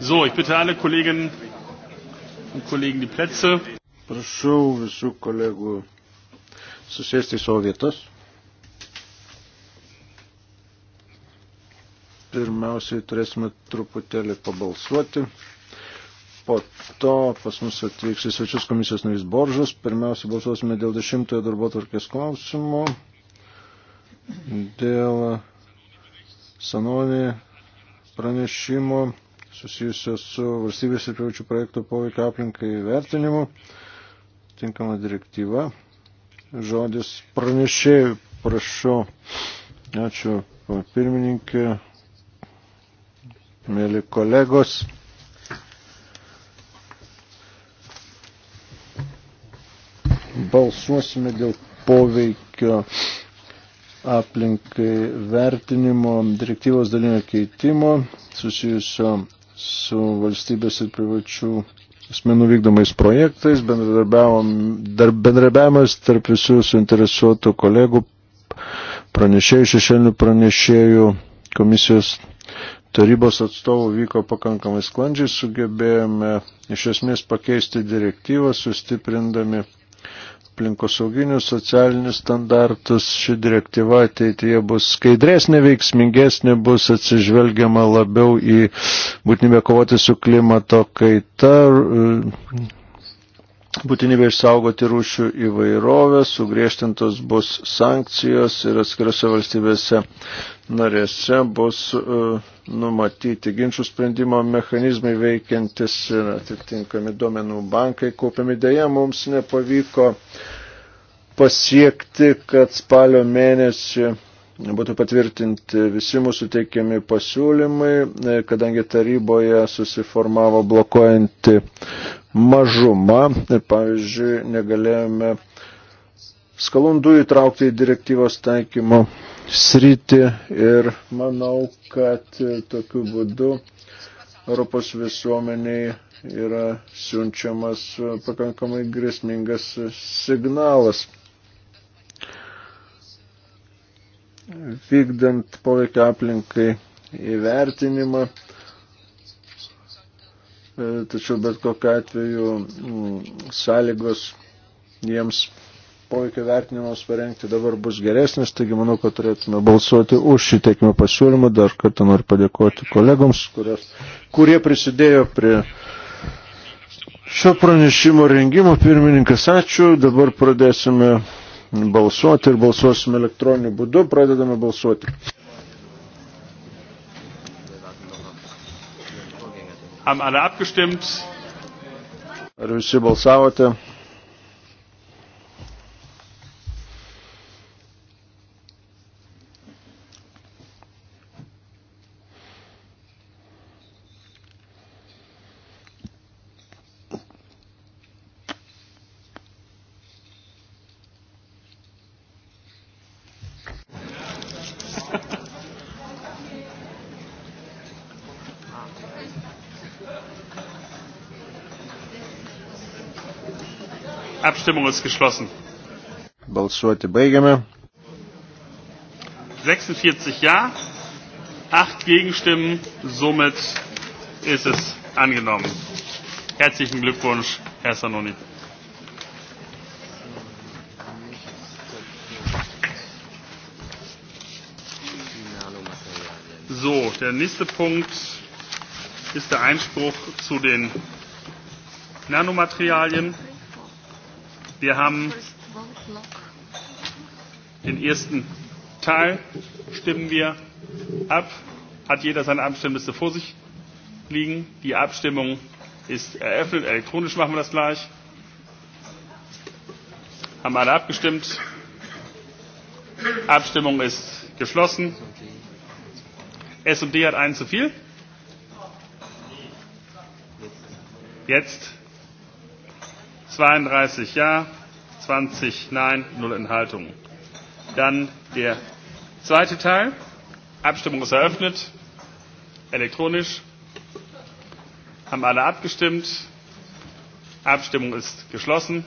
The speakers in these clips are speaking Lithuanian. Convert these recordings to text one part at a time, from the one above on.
So, ich bitte alle Kolleginnen und Kollegen die Plätze. Prašau visų kolegų susėsti į savo vietas. Pirmiausiai turėsime truputėlį pabalsuoti. Po to pas mus atvyks į svečius komisijos narys Boržas. Pirmiausiai balsuosime dėl dešimtojo darbo tvarkės klausimo. Dėl Sanonį pranešimo susijusios su valstybės ir privačių projektų poveikio aplinkai vertinimu. Tinkama direktyva. Žodis pranešėjų, prašau. Ačiū, pirmininkė, mėly kolegos. Balsuosime dėl poveikio aplinkai vertinimo direktyvos dalinio keitimo susijusio su valstybės ir privačių asmenų vykdomais projektais, bendradarbiavimas tarp visų suinteresuotų kolegų, pranešėjų, šešėlinių pranešėjų, komisijos tarybos atstovų vyko pakankamai sklandžiai, sugebėjome iš esmės pakeisti direktyvą, sustiprindami aplinkosauginius, socialinius standartus. Ši direktyva ateityje bus skaidresnė, veiksmingesnė, bus atsižvelgiama labiau į būtinybę kovoti su klimato kaita, būtinybė išsaugoti rūšių įvairovę, sugriežtintos bus sankcijos ir atskirose valstybėse narėse bus e, numatyti ginčių sprendimo mechanizmai veikiantis ir atitinkami duomenų bankai kaupiami. Deja, mums nepavyko pasiekti, kad spalio mėnesį būtų patvirtinti visi mūsų teikiami pasiūlymai, e, kadangi taryboje susiformavo blokuojanti mažuma. Pavyzdžiui, negalėjome skalundų įtraukti į direktyvos taikymo sritį ir manau, kad tokiu būdu Europos visuomeniai yra siunčiamas pakankamai grėsmingas signalas. Vykdant poveikio aplinkai įvertinimą, tačiau bet kokiu atveju mm, sąlygos jiems poveikio vertinimas parengti dabar bus geresnis, taigi manau, kad turėtume balsuoti už šį teikimą pasiūlymą. Dar kartą noriu padėkoti kolegoms, kurios, kurie prisidėjo prie šio pranešimo rengimo. Pirmininkas, ačiū. Dabar pradėsime balsuoti ir balsuosime elektroniniu būdu. Pradedame balsuoti. Ar visi balsavote? Abstimmung ist geschlossen. Balsuoti baigiame. 46 Ja, 8 Gegenstimmen, somit ist es angenommen. Herzlichen Glückwunsch, Herr Sanoni. So, der nächste Punkt ist der Einspruch zu den Nanomaterialien. Wir haben den ersten Teil, stimmen wir ab. Hat jeder seine Abstimmliste vor sich liegen? Die Abstimmung ist eröffnet. Elektronisch machen wir das gleich. Haben alle abgestimmt? Abstimmung ist geschlossen. S&D hat einen zu viel. Jetzt 32 Ja, 20 Nein, 0 Enthaltungen. Dann der zweite Teil. Abstimmung ist eröffnet. Elektronisch. Haben alle abgestimmt. Abstimmung ist geschlossen.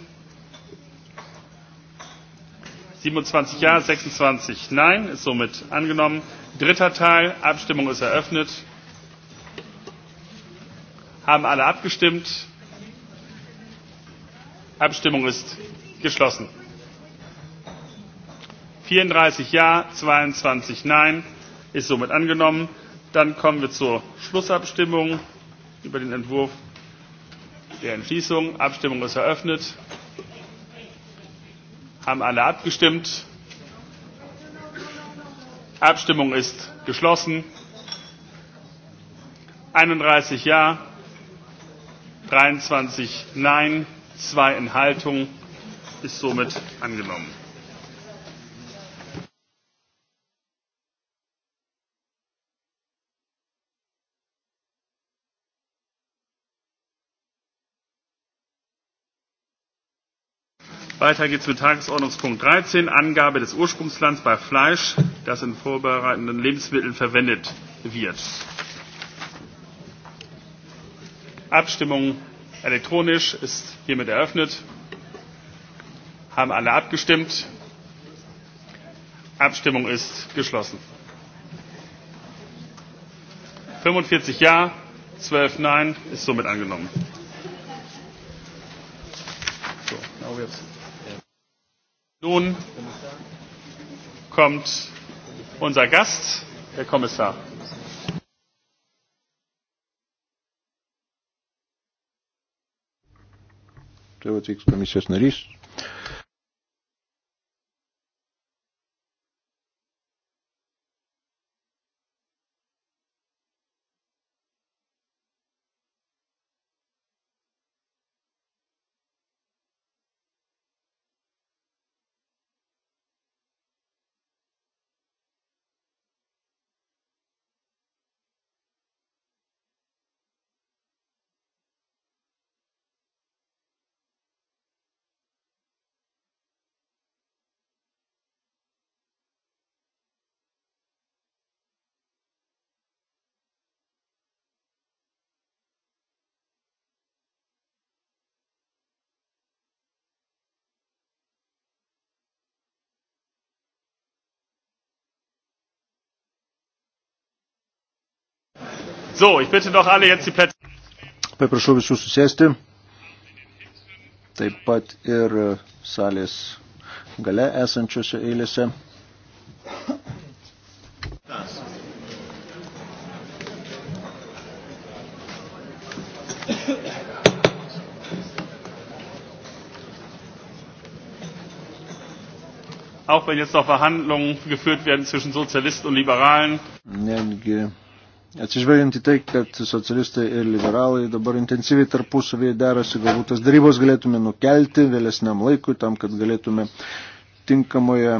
27 Ja, 26 Nein, ist somit angenommen. Dritter Teil, Abstimmung ist eröffnet. Haben alle abgestimmt? abstimmung ist geschlossen. vierunddreißig ja zweiundzwanzig nein ist somit angenommen. dann kommen wir zur schlussabstimmung über den entwurf der entschließung. abstimmung ist eröffnet. haben alle abgestimmt? abstimmung ist geschlossen. einunddreißig ja dreiundzwanzig nein zwei Enthaltungen ist somit angenommen. Weiter geht es mit Tagesordnungspunkt 13, Angabe des Ursprungslands bei Fleisch, das in vorbereitenden Lebensmitteln verwendet wird. Abstimmung Elektronisch ist hiermit eröffnet. Haben alle abgestimmt. Abstimmung ist geschlossen. 45 Ja, 12 Nein ist somit angenommen. So, now we have... Nun kommt unser Gast, Herr Kommissar. tai atvyks komisijos narys. So, ich bitte doch alle jetzt die Plätze. Paprašau visus susėsti. Taip pat ir e, salės gale esančiose eilėse. Auch wenn jetzt noch Verhandlungen geführt werden zwischen Sozialisten und Liberalen. Netgi Atsižvelgiant į tai, kad socialistai ir liberalai dabar intensyviai tarpusavėje derasi, galbūt tas darybos galėtume nukelti vėlesniam laikui, tam, kad galėtume tinkamoje,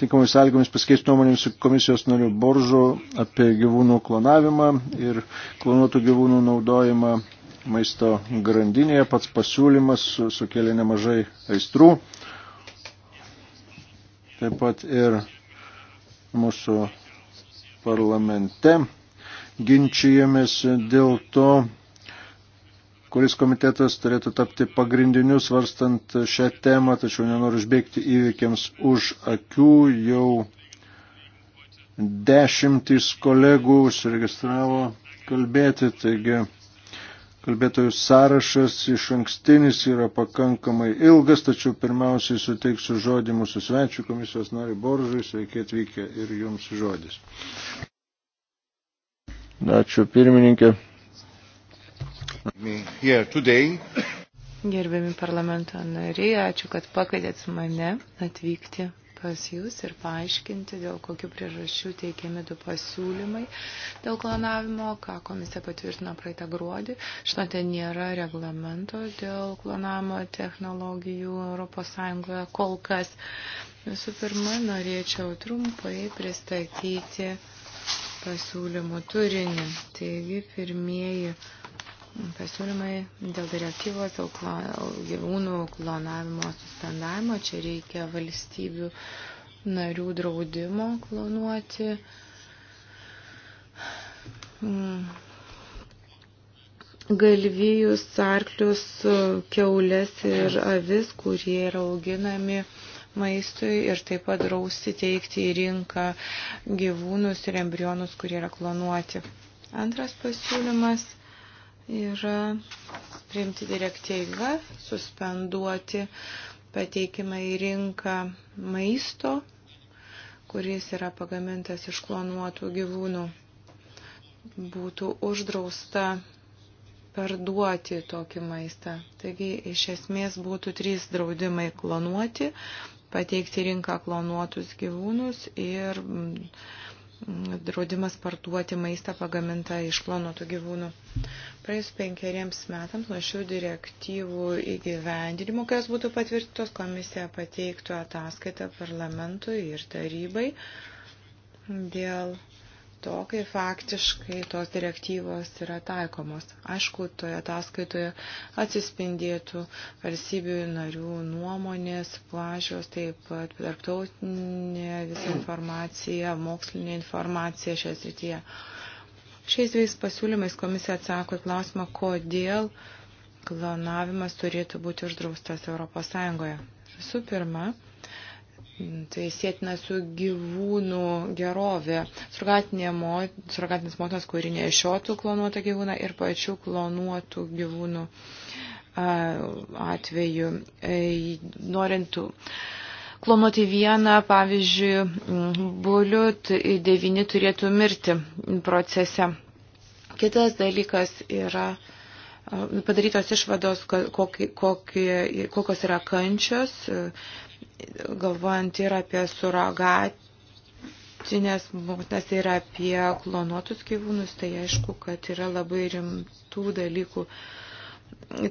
tinkamoje sąlygomis pasikeisti nuomonėms su komisijos nariu Boržu apie gyvūnų klonavimą ir klonuotų gyvūnų naudojimą maisto grandinėje. Pats pasiūlymas sukėlė nemažai aistrų. Taip pat ir mūsų parlamente. Ginčijamės dėl to, kuris komitetas turėtų tapti pagrindiniu svarstant šią temą, tačiau nenoriu užbėgti įvykiams už akių. Jau dešimtys kolegų užsiregistravo kalbėti, taigi Kalbėtojų sąrašas iš ankstinis yra pakankamai ilgas, tačiau pirmiausiai suteiksiu žodį mūsų svečių komisijos nariui Boržui, sveiki atvykę ir jums žodis. Ačiū pirmininkė. Gerbiami parlamento nariai, ačiū, kad pakvietėt mane atvykti pas jūs ir paaiškinti, dėl kokių priežasčių teikiami du pasiūlymai dėl klonavimo, ką komisija patvirtino praeitą gruodį. Žinote, nėra reglamento dėl klonavimo technologijų ES kol kas. Visų pirma, norėčiau trumpai pristatyti pasiūlymų turinį. Taigi, pirmieji pasiūlymai dėl direktyvos, dėl gyvūnų klonavimo suspendavimo. Čia reikia valstybių narių draudimo klonuoti. Mm. Galvijus, arklius, keulės ir avis, kurie yra auginami maistui ir taip pat drausti teikti į rinką gyvūnus ir embrionus, kurie yra klonuoti. Antras pasiūlymas – yra priimti direktyvą, suspenduoti pateikimą į rinką maisto, kuris yra pagamintas iš klonuotų gyvūnų. Būtų uždrausta parduoti tokį maistą. Taigi iš esmės būtų trys draudimai klonuoti, pateikti rinką klonuotus gyvūnus ir draudimas parduoti maistą pagamintą iš klonotų gyvūnų. Praėjus penkeriems metams nuo šių direktyvų įgyvendinimo, kas būtų patvirtintos, komisija pateiktų ataskaitą parlamentui ir tarybai dėl to, kai faktiškai tos direktyvos yra taikomos. Aišku, toje ataskaitoje atsispindėtų valstybių narių nuomonės, plažios, taip pat tarptautinė visa informacija, mokslinė informacija šioje srityje. Šiais dviejais pasiūlymais komisija atsako į klausimą, kodėl klonavimas turėtų būti uždraustas ES. Visų pirma, Tai sėtina su gyvūnų gerovė. Surgatinė mo, surgatinis motinas, kuri nešiotų klonuotą gyvūną ir pačių klonuotų gyvūnų atveju. E, norint klonuoti vieną, pavyzdžiui, bulių, devyni turėtų mirti procese. Kitas dalykas yra padarytos išvados, kokios yra kančios galvojant ir apie surogatinės motinas, ir apie klonuotus gyvūnus, tai aišku, kad yra labai rimtų dalykų.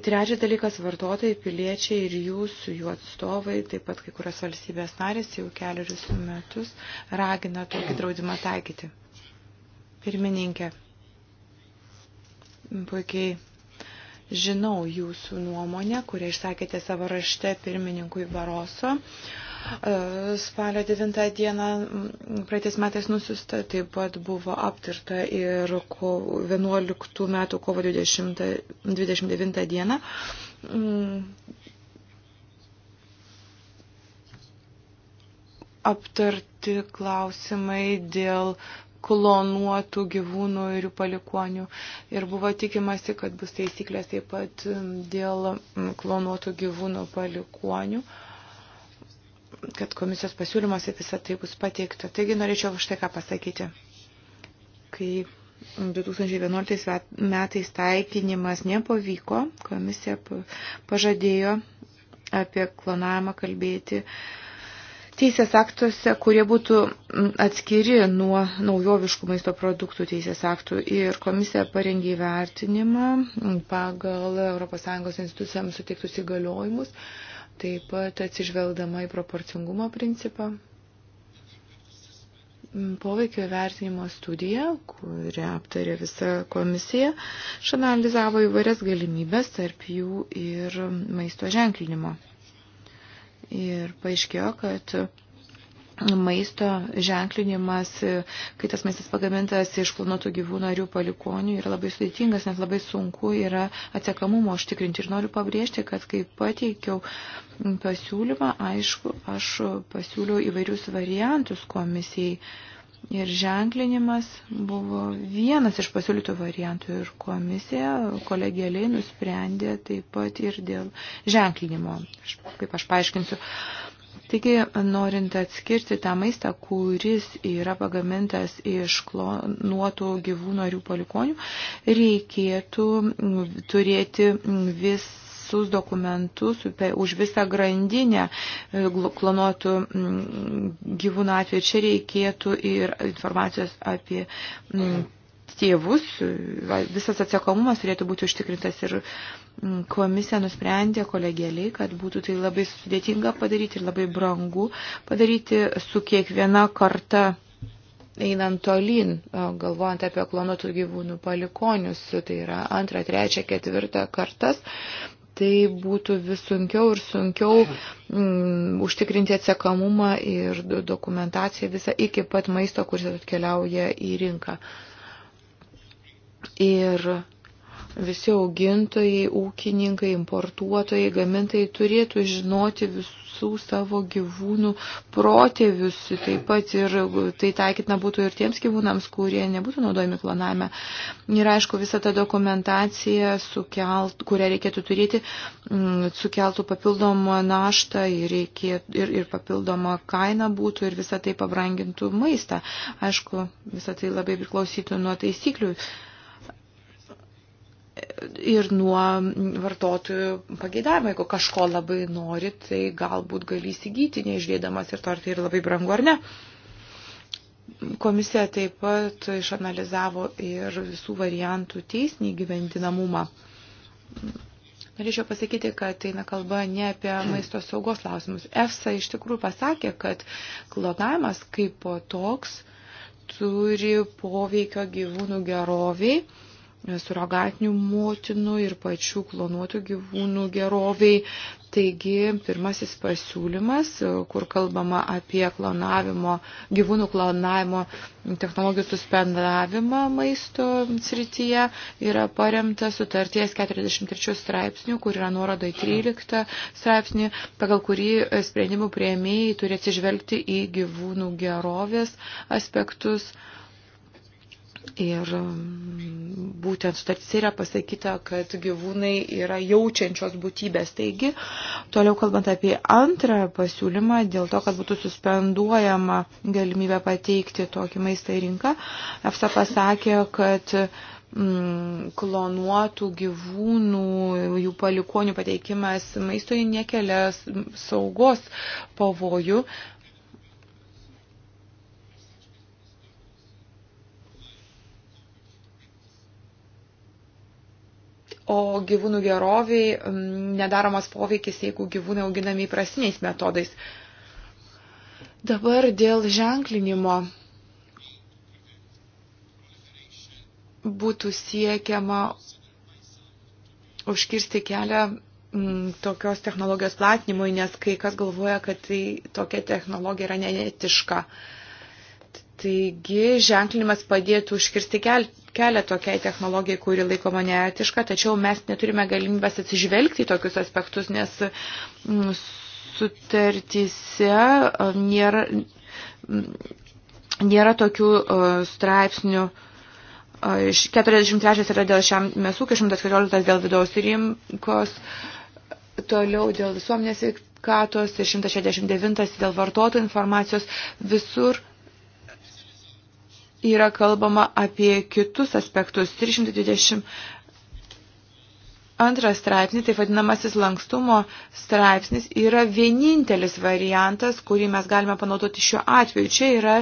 Trečias dalykas - vartotojai, piliečiai ir jūsų, jų atstovai, taip pat kai kurios valstybės narės jau keliarius metus ragina tokį draudimą taikyti. Pirmininkė, puikiai žinau jūsų nuomonę, kurią išsakėte savo rašte pirmininkui Baroso. E, spalio 9 dieną praeitais metais nusiusta taip pat buvo aptirta ir 11 metų kovo 20, 29 dieną. Mm. Aptarti klausimai dėl klonuotų gyvūnų ir jų palikonių. Ir buvo tikimasi, kad bus taisyklės taip pat dėl klonuotų gyvūnų palikonių kad komisijos pasiūlymuose visą tai bus pateikta. Taigi norėčiau štai ką pasakyti. Kai 2011 metais taikinimas nepavyko, komisija pažadėjo apie klonavimą kalbėti uh, teisės aktuose, kurie būtų mm, atskiri nuo naujoviškų maisto produktų teisės aktų. Ir komisija parengė įvertinimą mm, pagal ES institucijams suteiktus įgaliojimus, taip pat atsižvelgdama į proporcingumo principą. Mm, poveikio vertinimo studija, kurią aptarė visa komisija, išanalizavo įvairias galimybės, tarp jų ir maisto ženklinimo. Ir paaiškėjo, kad maisto ženklinimas, kai tas maistas pagamintas iš klonotų gyvūnų ar jų palikonių, yra labai sudėtingas, net labai sunku yra atsekamumo užtikrinti. Ir noriu pabrėžti, kad kai pateikiau pasiūlymą, aišku, aš pasiūliau įvairius variantus komisijai ir ženklinimas buvo vienas iš pasiūlytų variantų ir komisija kolegialiai nusprendė taip pat ir dėl ženklinimo, kaip aš paaiškinsiu. Taigi, norint atskirti tą maistą, kuris yra pagamintas iš klonuotų gyvūnų ar jų palikonių, reikėtų turėti vis visus dokumentus už visą grandinę e, klonuotų mm, gyvūnų atveju. Čia reikėtų ir informacijos apie mm, tėvus, visas atsakomumas turėtų būti užtikrintas ir mm, komisija nusprendė kolegėliai, kad būtų tai labai sudėtinga padaryti ir labai brangu padaryti su kiekviena karta einant tolyn, galvojant apie klonotų gyvūnų palikonius, tai yra antrą, trečią, ketvirtą kartas, tai būtų vis sunkiau ir sunkiau mm, užtikrinti atsekamumą ir dokumentaciją visą iki pat maisto, kuris atkeliauja į rinką. Ir visi augintojai, ūkininkai, importuotojai, gamintojai turėtų žinoti visų savo gyvūnų protėvius, taip pat ir tai taikytina būtų ir tiems gyvūnams, kurie nebūtų naudojami klonavime. Ir aišku, visa ta dokumentacija, sukelt, kurią reikėtų turėti, mm, sukeltų papildomą naštą ir, reikėt, ir, ir papildomą kainą būtų ir visa tai pabrangintų maistą. Aišku, visa tai labai priklausytų nuo taisyklių ir nuo vartotojų pageidavimo. Jeigu kažko labai nori, tai galbūt gali įsigyti, neiždėdamas ir to, ar tai yra labai brangu ar ne. Komisija taip pat išanalizavo ir visų variantų teisinį gyventinamumą. Norėčiau pasakyti, kad eina kalba ne apie maisto saugos klausimus. EFSA iš tikrųjų pasakė, kad klonavimas kaip toks turi poveikio gyvūnų geroviai E, surogatinių motinų ir pačių klonuotų gyvūnų geroviai. Taigi, pirmasis pasiūlymas, e, kur kalbama apie klonavimo, gyvūnų klonavimo technologijų suspendavimą maisto srityje, yra paremta sutarties 43 straipsnių, kur yra nuoroda į 13 straipsnį, pagal kurį e, sprendimų prieimėjai turi atsižvelgti į gyvūnų gerovės aspektus. Ir mm, būtent sutartis yra pasakyta, kad gyvūnai yra jaučiančios būtybės. Taigi, toliau kalbant apie antrą pasiūlymą, dėl to, kad būtų suspenduojama galimybė pateikti tokį maistą į rinką, EFSA pasakė, kad mm, klonuotų gyvūnų, jų palikonių pateikimas maistui nekelia saugos pavojų, o gyvūnų geroviai nedaromas poveikis, jeigu gyvūnai auginami įprasiniais metodais. Dabar dėl ženklinimo būtų siekiama užkirsti kelią tokios technologijos platinimui, nes kai kas galvoja, kad tai, tokia technologija yra neetiška. Uh, Taigi ženklinimas padėtų užkirsti kelią tokiai technologijai, kuri laikoma neetiška, tačiau mes neturime galimybės atsižvelgti į tokius aspektus, nes mm, sutartyse e, nėra, mm, nėra tokių e, straipsnių. 43 e, yra dėl šiam mesūkio, 114 dėl vidaus rinkos, toliau dėl visuomenės sveikatos ir 169 dėl vartotojų informacijos. Visur yra kalbama apie kitus aspektus. 322 straipsnis, tai vadinamasis lankstumo straipsnis, yra vienintelis variantas, kurį mes galime panaudoti šiuo atveju. Čia yra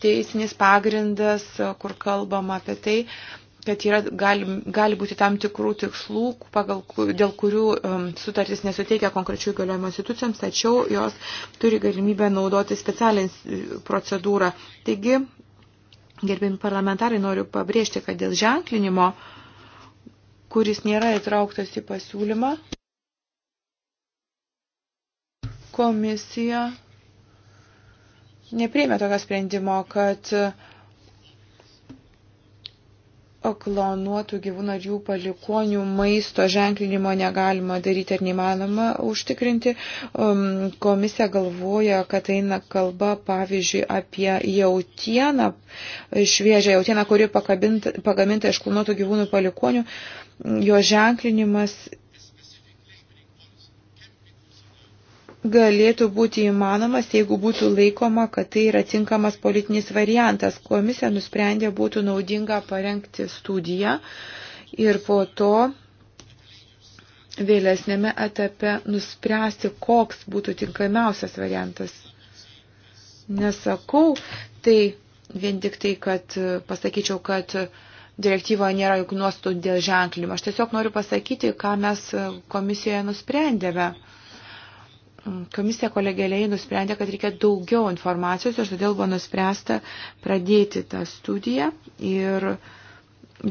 teisinis pagrindas, kur kalbama apie tai, kad yra, gali, gali būti tam tikrų tikslų, pagal, dėl kurių um, sutartis nesuteikia konkrečių įgaliojimo institucijoms, tačiau jos turi galimybę naudoti specialią procedūrą. Taigi, Gerbimi parlamentarai, noriu pabrėžti, kad dėl ženklinimo, kuris nėra įtrauktas į pasiūlymą, komisija neprieimė tokio sprendimo, kad uh, klonuotų gyvūnų ar jų palikonių maisto ženklinimo negalima daryti ar neįmanoma užtikrinti. Um, komisija galvoja, kad eina kalba, pavyzdžiui, apie jautieną, šviežią jautieną, kuri pagaminta iš klonuotų gyvūnų palikonių. Jo ženklinimas galėtų būti įmanomas, jeigu būtų laikoma, kad tai yra tinkamas politinis variantas. Komisija nusprendė būtų naudinga parengti studiją ir po to vėlesnėme etape nuspręsti, koks būtų tinkamiausias variantas. Nesakau, tai vien tik tai, kad pasakyčiau, kad direktyvoje nėra jokių nuostatų dėl ženklimo. Aš tiesiog noriu pasakyti, ką mes komisijoje nusprendėme. Komisija kolegėliai nusprendė, kad reikia daugiau informacijos ir todėl buvo nuspręsta pradėti tą studiją ir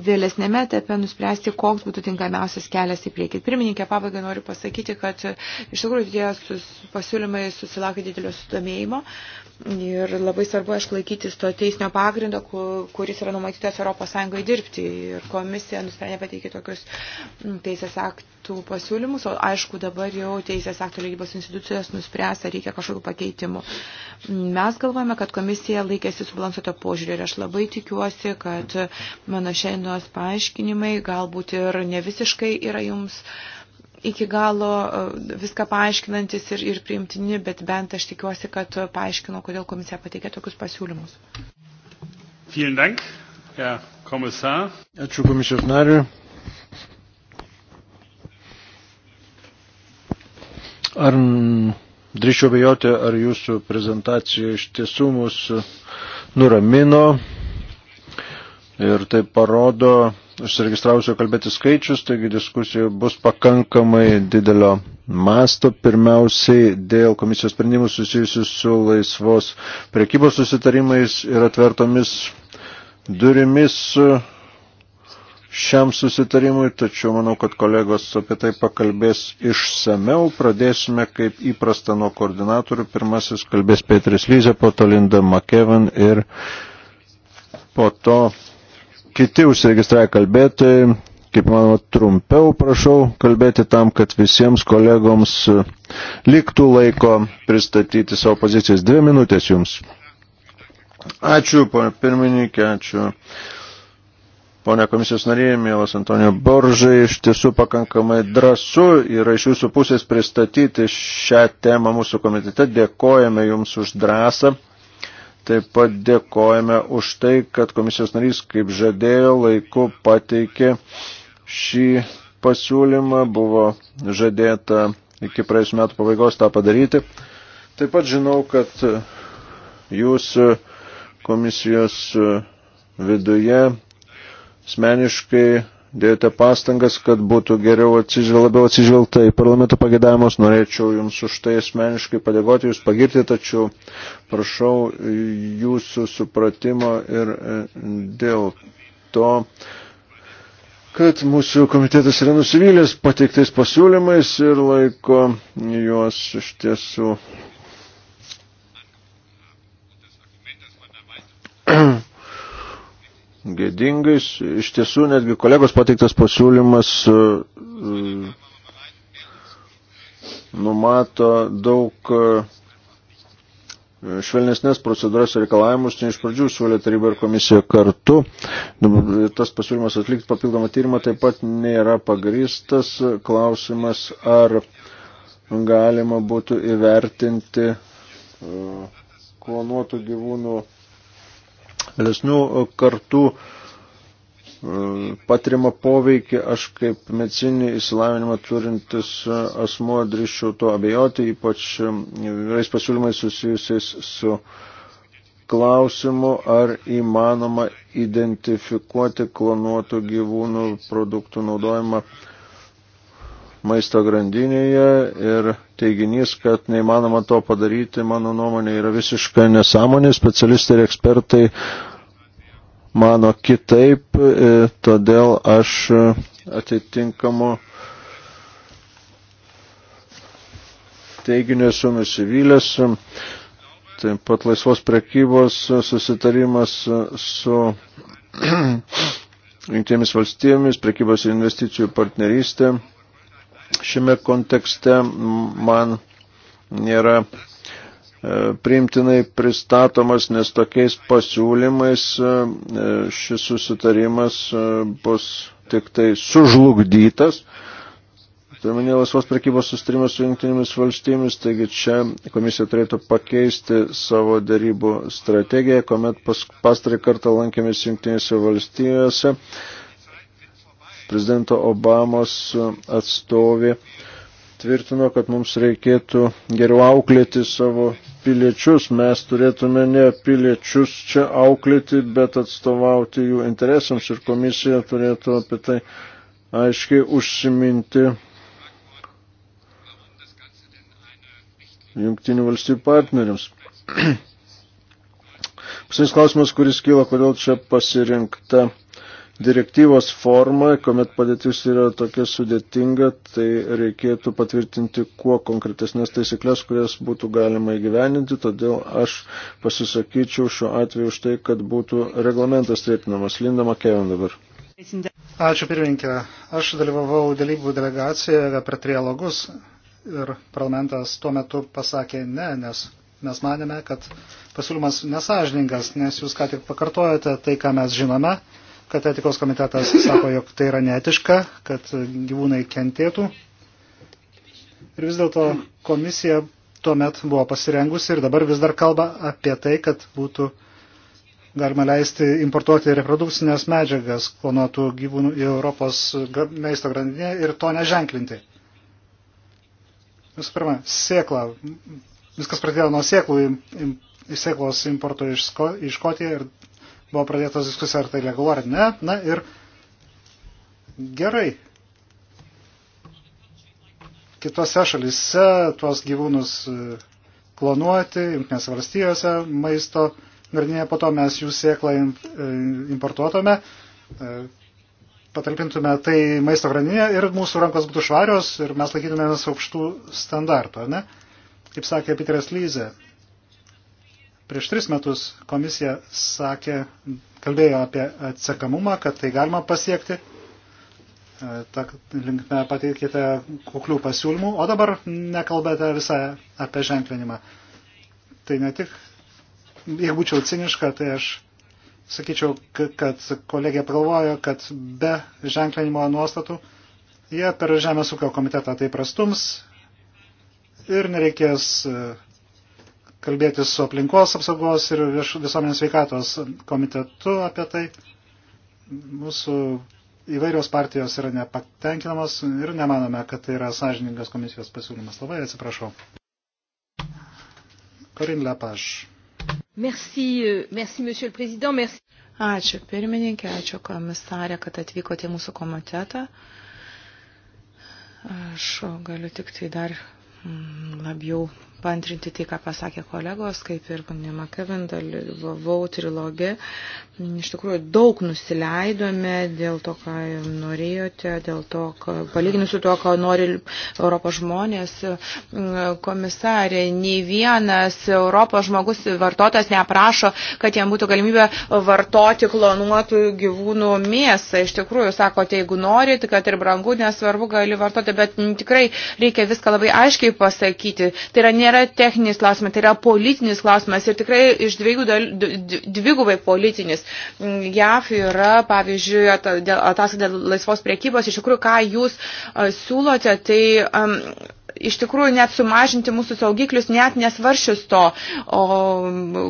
vėlesnėme etape nuspręsti, koks būtų tinkamiausias kelias į priekį. Pirmininkė, pabaigai noriu pasakyti, kad iš tikrųjų tie sus, pasiūlymai susilaukė didelio sudomėjimo ir labai svarbu aš laikytis to teisinio pagrindo, kuris yra numatytas ES dirbti. Ir komisija nusprendė pateikti tokius teisės aktus aktų pasiūlymus, o aišku dabar jau teisės aktų lygybos institucijos nuspręs, ar reikia kažkokių pakeitimų. Mes galvojame, kad komisija laikėsi subalansuoto požiūrį ir aš labai tikiuosi, kad mano šiandienos paaiškinimai galbūt ir ne visiškai yra jums iki galo e, viską paaiškinantis ir, ir priimtini, bet bent aš tikiuosi, kad paaiškino, kodėl komisija pateikė tokius pasiūlymus. Vielen Dank, Herr Kommissar. Ačiū komisijos nariui. Ar drįšiu bejoti, ar jūsų prezentacija iš tiesų mus nuramino ir tai parodo, užsiregistravusiu kalbėti skaičius, taigi diskusijų bus pakankamai didelio masto. Pirmiausiai dėl komisijos sprendimų susijusių su laisvos priekybos susitarimais ir atvertomis durimis šiam susitarimui, tačiau manau, kad kolegos apie tai pakalbės išsameu. Pradėsime kaip įprasta nuo koordinatorių. Pirmasis kalbės Petris Lyze, po to Linda McKevin ir po to kiti užsiregistravę kalbėtojai. Kaip manoma, trumpiau prašau kalbėti tam, kad visiems kolegoms liktų laiko pristatyti savo pozicijas. Dvi minutės jums. Ačiū, pirmininkė, ačiū Pone komisijos narė, mielas Antonijo Boržai, iš tiesų pakankamai drasu yra iš jūsų pusės pristatyti šią temą mūsų komitete. Dėkojame Jums už drąsą. Taip pat dėkojame už tai, kad komisijos narys, kaip žadėjo, laiku pateikė šį pasiūlymą. Buvo žadėta iki praėjusiu metų pabaigos tą padaryti. Taip pat žinau, kad Jūs komisijos viduje asmeniškai dėjote pastangas, kad būtų geriau atsižvel, labiau atsižvelgta į parlamento pagėdavimus. Norėčiau Jums už tai asmeniškai padėkoti, Jūs pagirti, tačiau prašau Jūsų supratimo ir e, dėl to, kad mūsų komitetas yra nusivylęs pateiktais pasiūlymais ir laiko juos iš tiesų gėdingais. Iš tiesų, netgi kolegos pateiktas pasiūlymas e, e, numato daug e, švelnesnės procedūras ir reikalavimus, nei iš pradžių siūlė taryba ir komisija kartu. Tas pasiūlymas atlikti papildomą tyrimą taip pat nėra pagristas. Klausimas, ar galima būtų įvertinti klonuotų gyvūnų vėlesnių kartų e, patiriamą poveikį aš kaip medicinį įsilavinimą turintis asmuo drįščiau to abejoti, ypač e, vėliais pasiūlymais susijusiais su klausimu, ar įmanoma identifikuoti klonuotų gyvūnų produktų naudojimą maisto grandinėje ir teiginys, kad neįmanoma to padaryti, mano nuomonė, yra visiška nesąmonė. Specialistai ir ekspertai mano kitaip, e, todėl aš e, atitinkamo teiginio esu nusivylęs. Taip pat laisvos prekybos susitarimas su jungtėmis valstybėmis, prekybos ir investicijų partnerystė šiame kontekste man nėra e, priimtinai pristatomas, nes tokiais pasiūlymais e, e, šis susitarimas bus tik tai sužlugdytas. Tuomenė tai laisvos prekybos sustarimas su jungtinėmis valstybėmis, taigi čia komisija turėtų pakeisti savo darybų strategiją, kuomet pastarį kartą lankėmės jungtinėse valstybėse prezidento Obamos atstovė tvirtino, kad mums reikėtų geriau auklėti savo piliečius. Mes turėtume ne piliečius čia auklėti, bet atstovauti jų interesams ir komisija turėtų apie tai aiškiai užsiminti jungtinių valstybių partneriams. Pasinis klausimas, kuris kyla, kodėl čia pasirinkta direktyvos formą, kuomet padėtis yra tokia sudėtinga, tai reikėtų patvirtinti kuo konkretesnės taisyklės, kurias būtų galima įgyveninti, todėl aš pasisakyčiau šiuo atveju už tai, kad būtų reglamentas tvirtinamas. Linda Makėjom dabar. Ačiū pirmininkė. Aš dalyvavau dalybų delegacijoje per trialogus ir parlamentas tuo metu pasakė ne, nes mes manėme, kad pasiūlymas nesažiningas, nes jūs ką tik pakartojate tai, ką mes žinome kad etikos komitetas sako, jog tai yra neetiška, kad gyvūnai kentėtų. Ir vis dėlto komisija tuomet buvo pasirengusi ir dabar vis dar kalba apie tai, kad būtų galima leisti importuoti reprodukcinės medžiagas klonuotų gyvūnų į Europos maisto grandinę ir to neženklinti. Visų pirma, sėkla. Viskas prasidėjo nuo sėklų, sėklos importo iš, Sko, iš Škotiją ir buvo pradėtos diskusijos, ar tai legalu ar ne. Na ir gerai. Kitose šalise tuos gyvūnus e, klonuoti, jungtinės valstijose maisto gardinėje, po to mes jų sėklą e, importuotume, e, patalpintume tai maisto grandinėje ir mūsų rankos būtų švarios ir mes laikytumėmės aukštų standartų, ne? Kaip sakė Piteris Lyze, Prieš tris metus komisija sakė, kalbėjo apie atsekamumą, kad tai galima pasiekti. E, ta linkme pateikite kuklių pasiūlymų, o dabar nekalbate visą apie ženklinimą. Tai ne tik, jeigu būčiau ciniška, tai aš sakyčiau, kad kolegė galvojo, kad be ženklinimo nuostatų jie per Žemės ūkio komitetą tai prastums ir nereikės e, kalbėti su aplinkos apsaugos ir vieš, visuomenės veikatos komitetu apie tai. Mūsų įvairios partijos yra nepatenkinamos ir nemanome, kad tai yra sąžiningas komisijos pasiūlymas. Labai atsiprašau. Corinne Lepage. Merci, euh, merci, monsieur le président. Merci. Ačiū pirmininkė, ačiū komisarė, kad atvykote į mūsų komitetą. Aš galiu tik tai dar mm, labiau pantrinti tai, ką pasakė kolegos, kaip ir ponė Makavin, dalyvavau trilogė. Iš tikrųjų, daug nusileidome dėl to, ką norėjote, dėl to, ką, palyginus su to, ko nori Europos žmonės, komisarė, nei vienas Europos žmogus vartotojas neaprašo, kad jam būtų galimybė vartoti klonuotų gyvūnų mėsą. Iš tikrųjų, sakote, jeigu norit, kad ir brangu, nesvarbu, gali vartoti, bet tikrai reikia viską labai aiškiai pasakyti. Tai yra ne nėra techninis klausimas, tai yra politinis klausimas ir tikrai iš dviejų dal, dvigubai politinis. Mm, JAF yra, pavyzdžiui, ataskaita dėl laisvos priekybos, iš tikrųjų, ką jūs siūlote, tai iš tikrųjų net sumažinti mūsų saugiklius, net nesvaršius to. O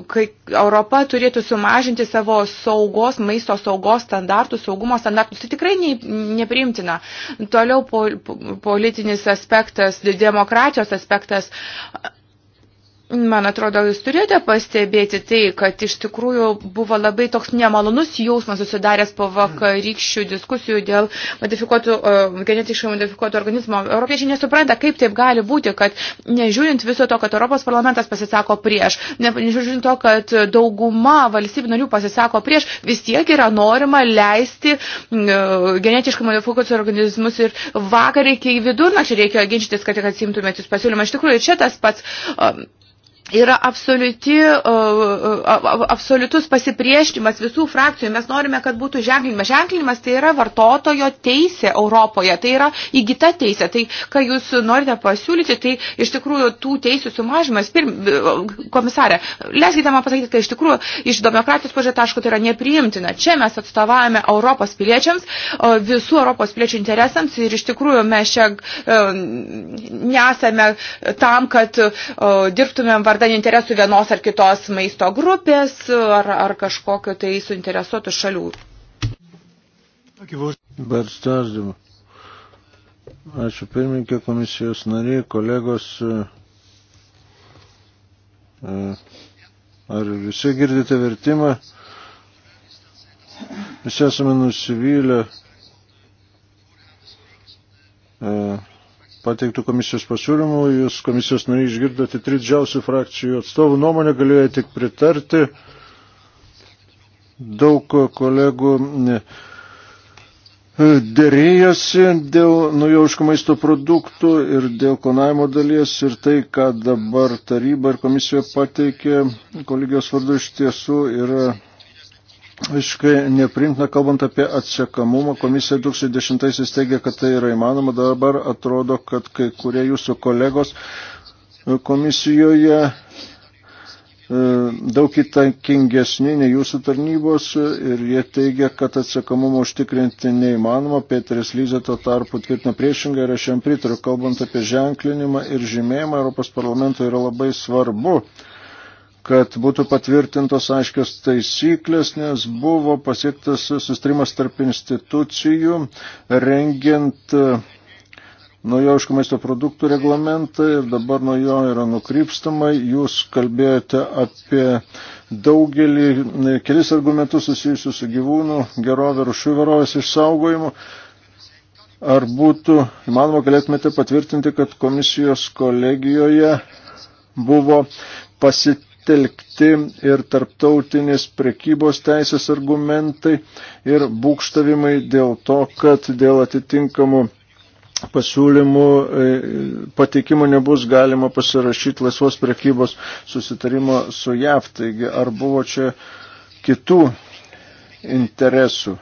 kai Europa turėtų sumažinti savo saugos, maisto saugos standartus, saugumo standartus, tai tikrai ne, nepriimtina. Toliau po, politinis aspektas, demokratijos aspektas. Man atrodo, jūs turėjote pastebėti tai, kad iš tikrųjų buvo labai toks nemalonus jausmas susidaręs po vakarykščių diskusijų dėl modifikuotų, genetiškai modifikuotų organizmų. Europiečiai nesupranta, kaip taip gali būti, kad nežiūrint viso to, kad Europos parlamentas pasisako prieš, nežiūrint to, kad dauguma valstybių narių pasisako prieš, vis tiek yra norima leisti genetiškai modifikuotus organizmus ir vakar iki vidurnakčio reikėjo ginčytis, kad atsimtumėt jūs pasiūlymą. Iš tikrųjų, čia tas pats yra absoliuti, absoliutus pasipriešinimas visų frakcijų. Mes norime, kad būtų ženklinimas. Ženklinimas tai yra vartotojo teisė Europoje, tai yra įgyta teisė. Tai, ką jūs norite pasiūlyti, tai iš tikrųjų tų teisių sumažimas. Pirm, komisarė, leiskite man pasakyti, kad iš tikrųjų iš demokratijos požiūrė taško tai yra nepriimtina. Čia mes atstovavome Europos piliečiams, visų Europos piliečių interesams ir iš tikrųjų mes čia e, nesame tam, kad e, dirbtumėm vartotojams vardan interesų vienos ar kitos maisto grupės ar, ar kažkokio tai suinteresuotų šalių. Bet stasdymą. Ačiū pirmininkė komisijos nariai, kolegos. E, ar visi girdite vertimą? Visi esame nusivylę e, pateiktų komisijos pasiūlymų. Jūs komisijos nariai išgirdote tris didžiausių frakcijų atstovų nuomonę, galėjo tik pritarti. Daug kolegų e, e, dėrėjosi dėl naujoviškų maisto produktų ir dėl klonavimo dalies ir tai, ką dabar taryba ir komisija pateikė kolegijos vardu iš tiesų yra visiškai neprimtina, kalbant apie atsiekamumą. Komisija 2010 teigė, kad tai yra įmanoma. Dabar atrodo, kad kai kurie jūsų kolegos e, komisijoje e, daug įtakingesni nei jūsų tarnybos ir jie teigia, kad atsakomumą užtikrinti neįmanoma. Peteris Lyzė to tarpu tvirtina priešingai ir aš jam pritariu. Kalbant apie ženklinimą ir žymėjimą, Europos parlamentui yra labai svarbu kad būtų patvirtintos aiškios taisyklės, nes buvo pasiektas sustrimas tarp institucijų, rengiant e, naujoviškų maisto produktų reglamentą ir dabar nuo jo yra nukrypstama. Jūs kalbėjote apie daugelį, e, kelis argumentus susijusius su gyvūnų gerovė ir šuverovės išsaugojimu. Ar būtų, įmanoma, galėtumėte patvirtinti, kad komisijos kolegijoje buvo pasit pasitelkti ir tarptautinės prekybos teisės argumentai ir būkštavimai dėl to, kad dėl atitinkamų pasiūlymų e, pateikimų nebus galima pasirašyti laisvos prekybos susitarimo su JAV. Taigi, ar buvo čia kitų interesų?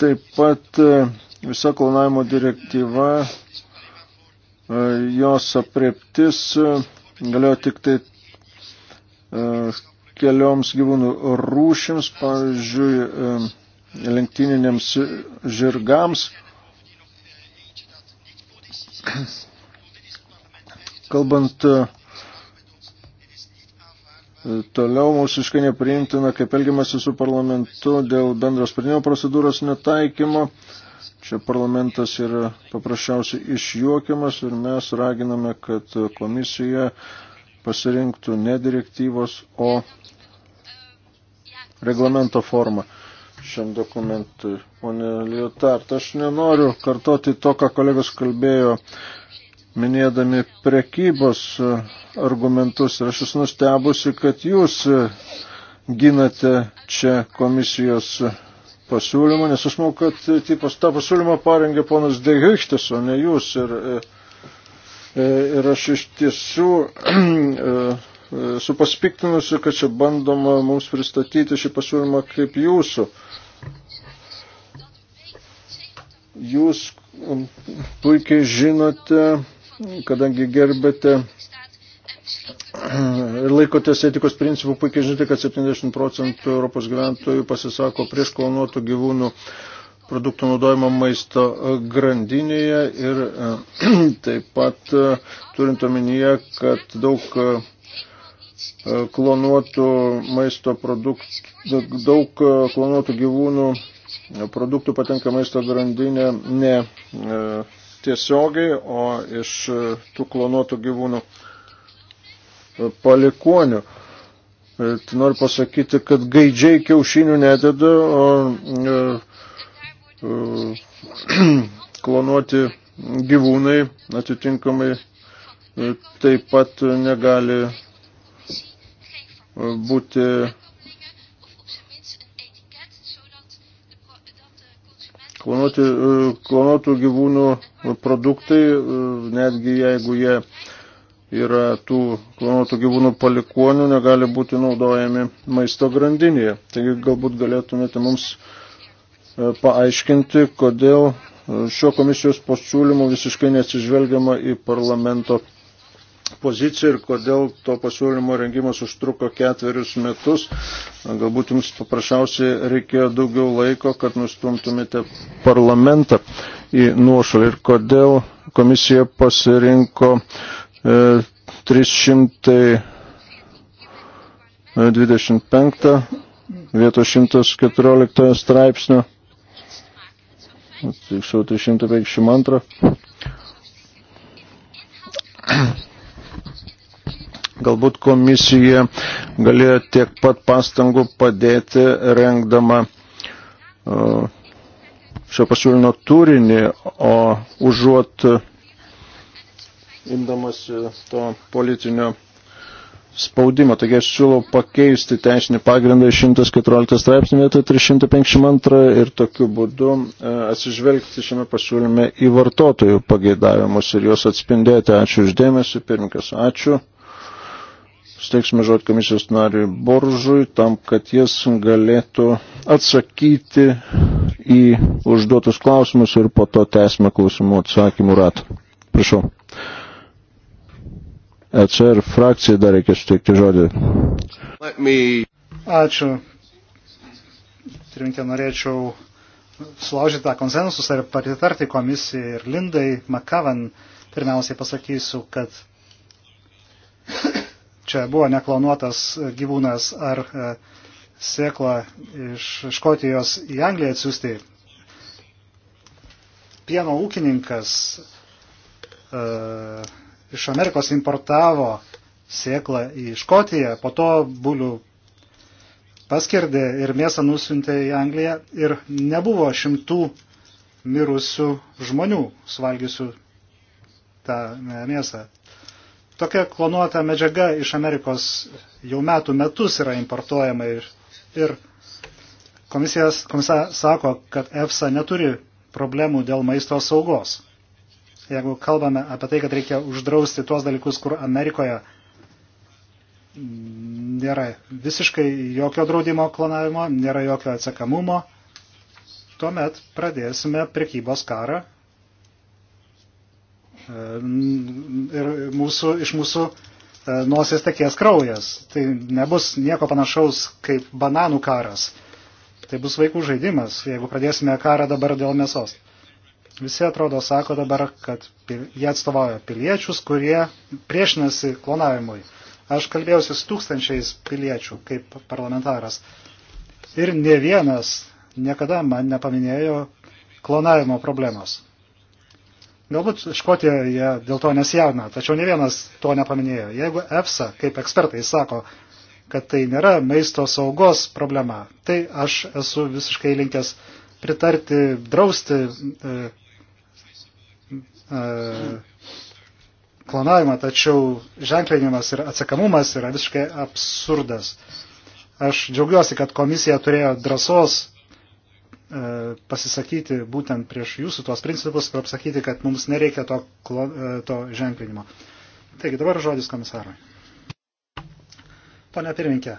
Taip pat e, visa klonavimo direktyva e, jos apreptis galėjo tik tai E, kelioms gyvūnų rūšims, pavyzdžiui, e, lenktyniniams žirgams. Kalbant e, Toliau mūsų iškai nepriimtina, kaip elgiamasi su parlamentu dėl bendros sprendimo procedūros netaikymo. Čia parlamentas yra paprasčiausiai išjuokiamas ir mes raginame, kad komisija uh, pasirinktų ne direktyvos, o reglamento formą šiam dokumentui. Pone Liotart, aš nenoriu kartoti to, ką kolegos kalbėjo, minėdami prekybos argumentus. Ir aš esu nustebusi, kad jūs ginate čia komisijos pasiūlymą, nes aš manau, kad tipos, tą pasiūlymą parengė ponas Degichtis, o ne jūs. Ir, e, E, ir aš iš tiesų e, e, esu paspiktinusi, kad čia bandoma mums pristatyti šį pasiūlymą kaip jūsų. Jūs puikiai žinote, kadangi gerbėte ir laikotės etikos principų, puikiai žinote, kad 70 procentų Europos gyventojų pasisako prieš klonuotų gyvūnų produktų naudojimo maisto e, grandinėje ir e, taip pat e, turint omenyje, kad daug klonuotų maisto produktų, daug klonuotų gyvūnų produktų patenka maisto grandinė ne tiesiogiai, o iš tų klonuotų gyvūnų palikuonių. Tai noriu pasakyti, kad gaidžiai kiaušinių nededa, o klonuoti gyvūnai atitinkamai e, taip pat negali e, būti klonuoti, e, klonuotų gyvūnų produktai, netgi jeigu jie yra tų klonuotų gyvūnų palikonių, negali būti naudojami maisto grandinėje. Taigi galbūt galėtumėte mums E, paaiškinti, kodėl e, šio komisijos pasiūlymo visiškai neatsižvelgiama į parlamento poziciją ir kodėl to pasiūlymo rengimas užtruko ketverius metus. Galbūt jums paprasčiausiai reikėjo daugiau laiko, kad nustumtumėte parlamentą į nuošalį ir kodėl komisija pasirinko e, 325 vietos 114 straipsnio tiksliau 352. Galbūt komisija galėjo tiek pat pastangų padėti rengdama e, šio pasiūlymo turinį, o užuot imdamas to politinio spaudimo. Taigi aš siūlau pakeisti teisinį pagrindą 114 straipsnį vietoj 352 ir tokiu būdu e, atsižvelgti šiame pasiūlyme į vartotojų pageidavimus ir juos atspindėti. Ačiū uždėmesi, pirmininkas, ačiū. Steiksime žodį komisijos nariui Boržui tam, kad jis galėtų atsakyti į užduotus klausimus ir po to tęsime klausimų atsakymų ratą. Prašau. ECR frakcijai dar reikia suteikti žodį. Me... Ačiū. Pirminkė, norėčiau sulaužyti tą konsensus ir pritarti komisijai ir Lindai Makavan. Pirmiausiai pasakysiu, kad čia buvo neklonuotas gyvūnas ar e, sėkla iš Škotijos į Angliją atsiųsti. Pieno ūkininkas uh, iš Amerikos importavo sėklą į Škotiją, po to bulių paskirdė ir mėsą nusintė į Angliją ir nebuvo šimtų mirusių žmonių suvalgysių tą e, mėsą. Tokia klonuota medžiaga iš Amerikos jau metų metus yra importuojama ir, ir komisija sako, kad EFSA neturi problemų dėl maisto saugos. Jeigu kalbame apie tai, kad reikia uždrausti tuos dalykus, kur Amerikoje nėra visiškai jokio draudimo klonavimo, nėra jokio atsakamumo, tuomet pradėsime prekybos karą e, ir mūsų, iš mūsų e, nosies tekės kraujas. Tai nebus nieko panašaus kaip bananų karas. Tai bus vaikų žaidimas, jeigu pradėsime karą dabar dėl mėsos. Visi atrodo sako dabar, kad jie atstovauja piliečius, kurie priešinasi klonavimui. Aš kalbėjausi su tūkstančiais piliečių kaip parlamentaras. Ir ne vienas niekada man nepaminėjo klonavimo problemos. Galbūt Škotijoje dėl to nesijauna, tačiau ne vienas to nepaminėjo. Jeigu EFSA, kaip ekspertai, sako, kad tai nėra maisto saugos problema, tai aš esu visiškai linkęs pritarti, drausti e, E, klonavimą, tačiau ženklinimas ir atsakamumas yra visiškai absurdas. Aš džiaugiuosi, kad komisija turėjo drąsos e, pasisakyti būtent prieš jūsų tuos principus ir apsakyti, kad mums nereikia to, e, to ženklinimo. Taigi dabar žodis komisarui. Pone pirminkė,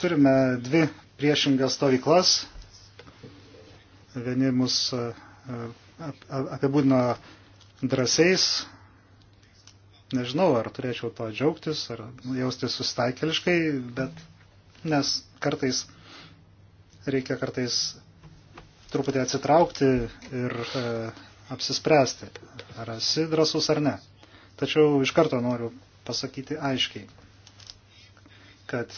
turime dvi priešingas stovyklas. Vieni mus apibūdino drąsiais. Nežinau, ar turėčiau to džiaugtis, ar jaustis susitaikeliškai, bet nes kartais reikia kartais truputį atsitraukti ir e, apsispręsti, ar esi drąsus ar ne. Tačiau iš karto noriu pasakyti aiškiai, kad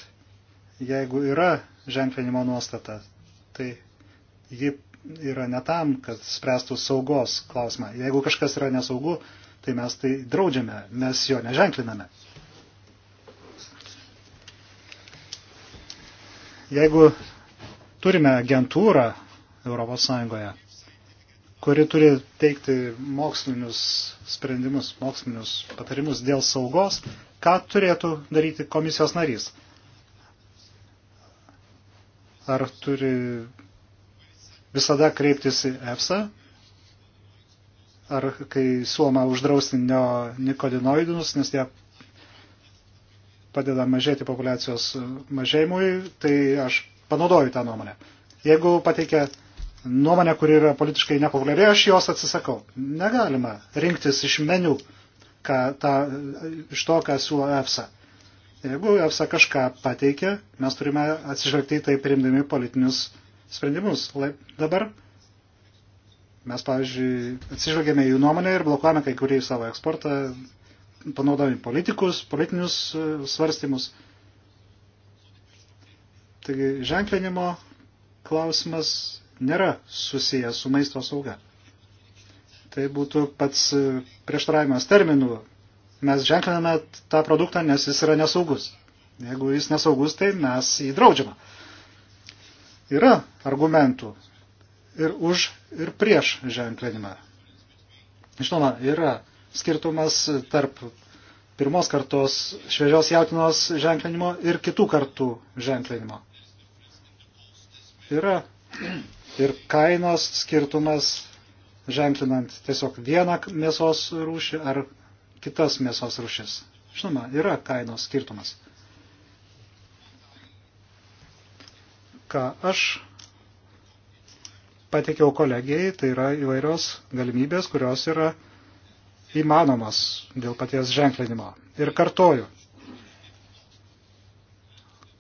jeigu yra ženklinimo nuostata, tai ji yra ne tam, kad spręstų saugos klausimą. Jeigu kažkas yra nesaugu, tai mes tai draudžiame, mes jo neženkliname. Jeigu turime agentūrą Europos Sąjungoje, kuri turi teikti mokslinius sprendimus, mokslinius patarimus dėl saugos, ką turėtų daryti komisijos narys? Ar turi visada kreiptis į EFSA, ar kai suoma uždrausti neonikotinoidinus, nes jie padeda mažėti populiacijos mažėjimui, tai aš panaudoju tą nuomonę. Jeigu pateikia nuomonę, kuri yra politiškai nepopuliari, aš jos atsisakau. Negalima rinktis iš menių ką, tą, iš to, ką siūlo EFSA. Jeigu EFSA kažką pateikia, mes turime atsižvelgti į tai priimdami politinius sprendimus. Dabar mes, pavyzdžiui, atsižvelgėme jų nuomonę ir blokuojame kai kurie savo eksportą, panaudojami politikus, politinius e, svarstymus. Taigi ženklinimo klausimas nėra susijęs su maisto sauga. Tai būtų pats e, prieštaravimas terminų. Mes ženkliname tą produktą, nes jis yra nesaugus. Jeigu jis nesaugus, tai mes jį draudžiame. Yra argumentų ir už, ir prieš ženklinimą. Žinoma, yra skirtumas tarp pirmos kartos šviežios jautinos ženklinimo ir kitų kartų ženklinimo. Yra ir kainos skirtumas ženklinant tiesiog vieną mėsos rūšį ar kitas mėsos rūšis. Žinoma, yra kainos skirtumas. ką aš pateikiau kolegijai, tai yra įvairios galimybės, kurios yra įmanomas dėl paties ženklinimo. Ir kartoju,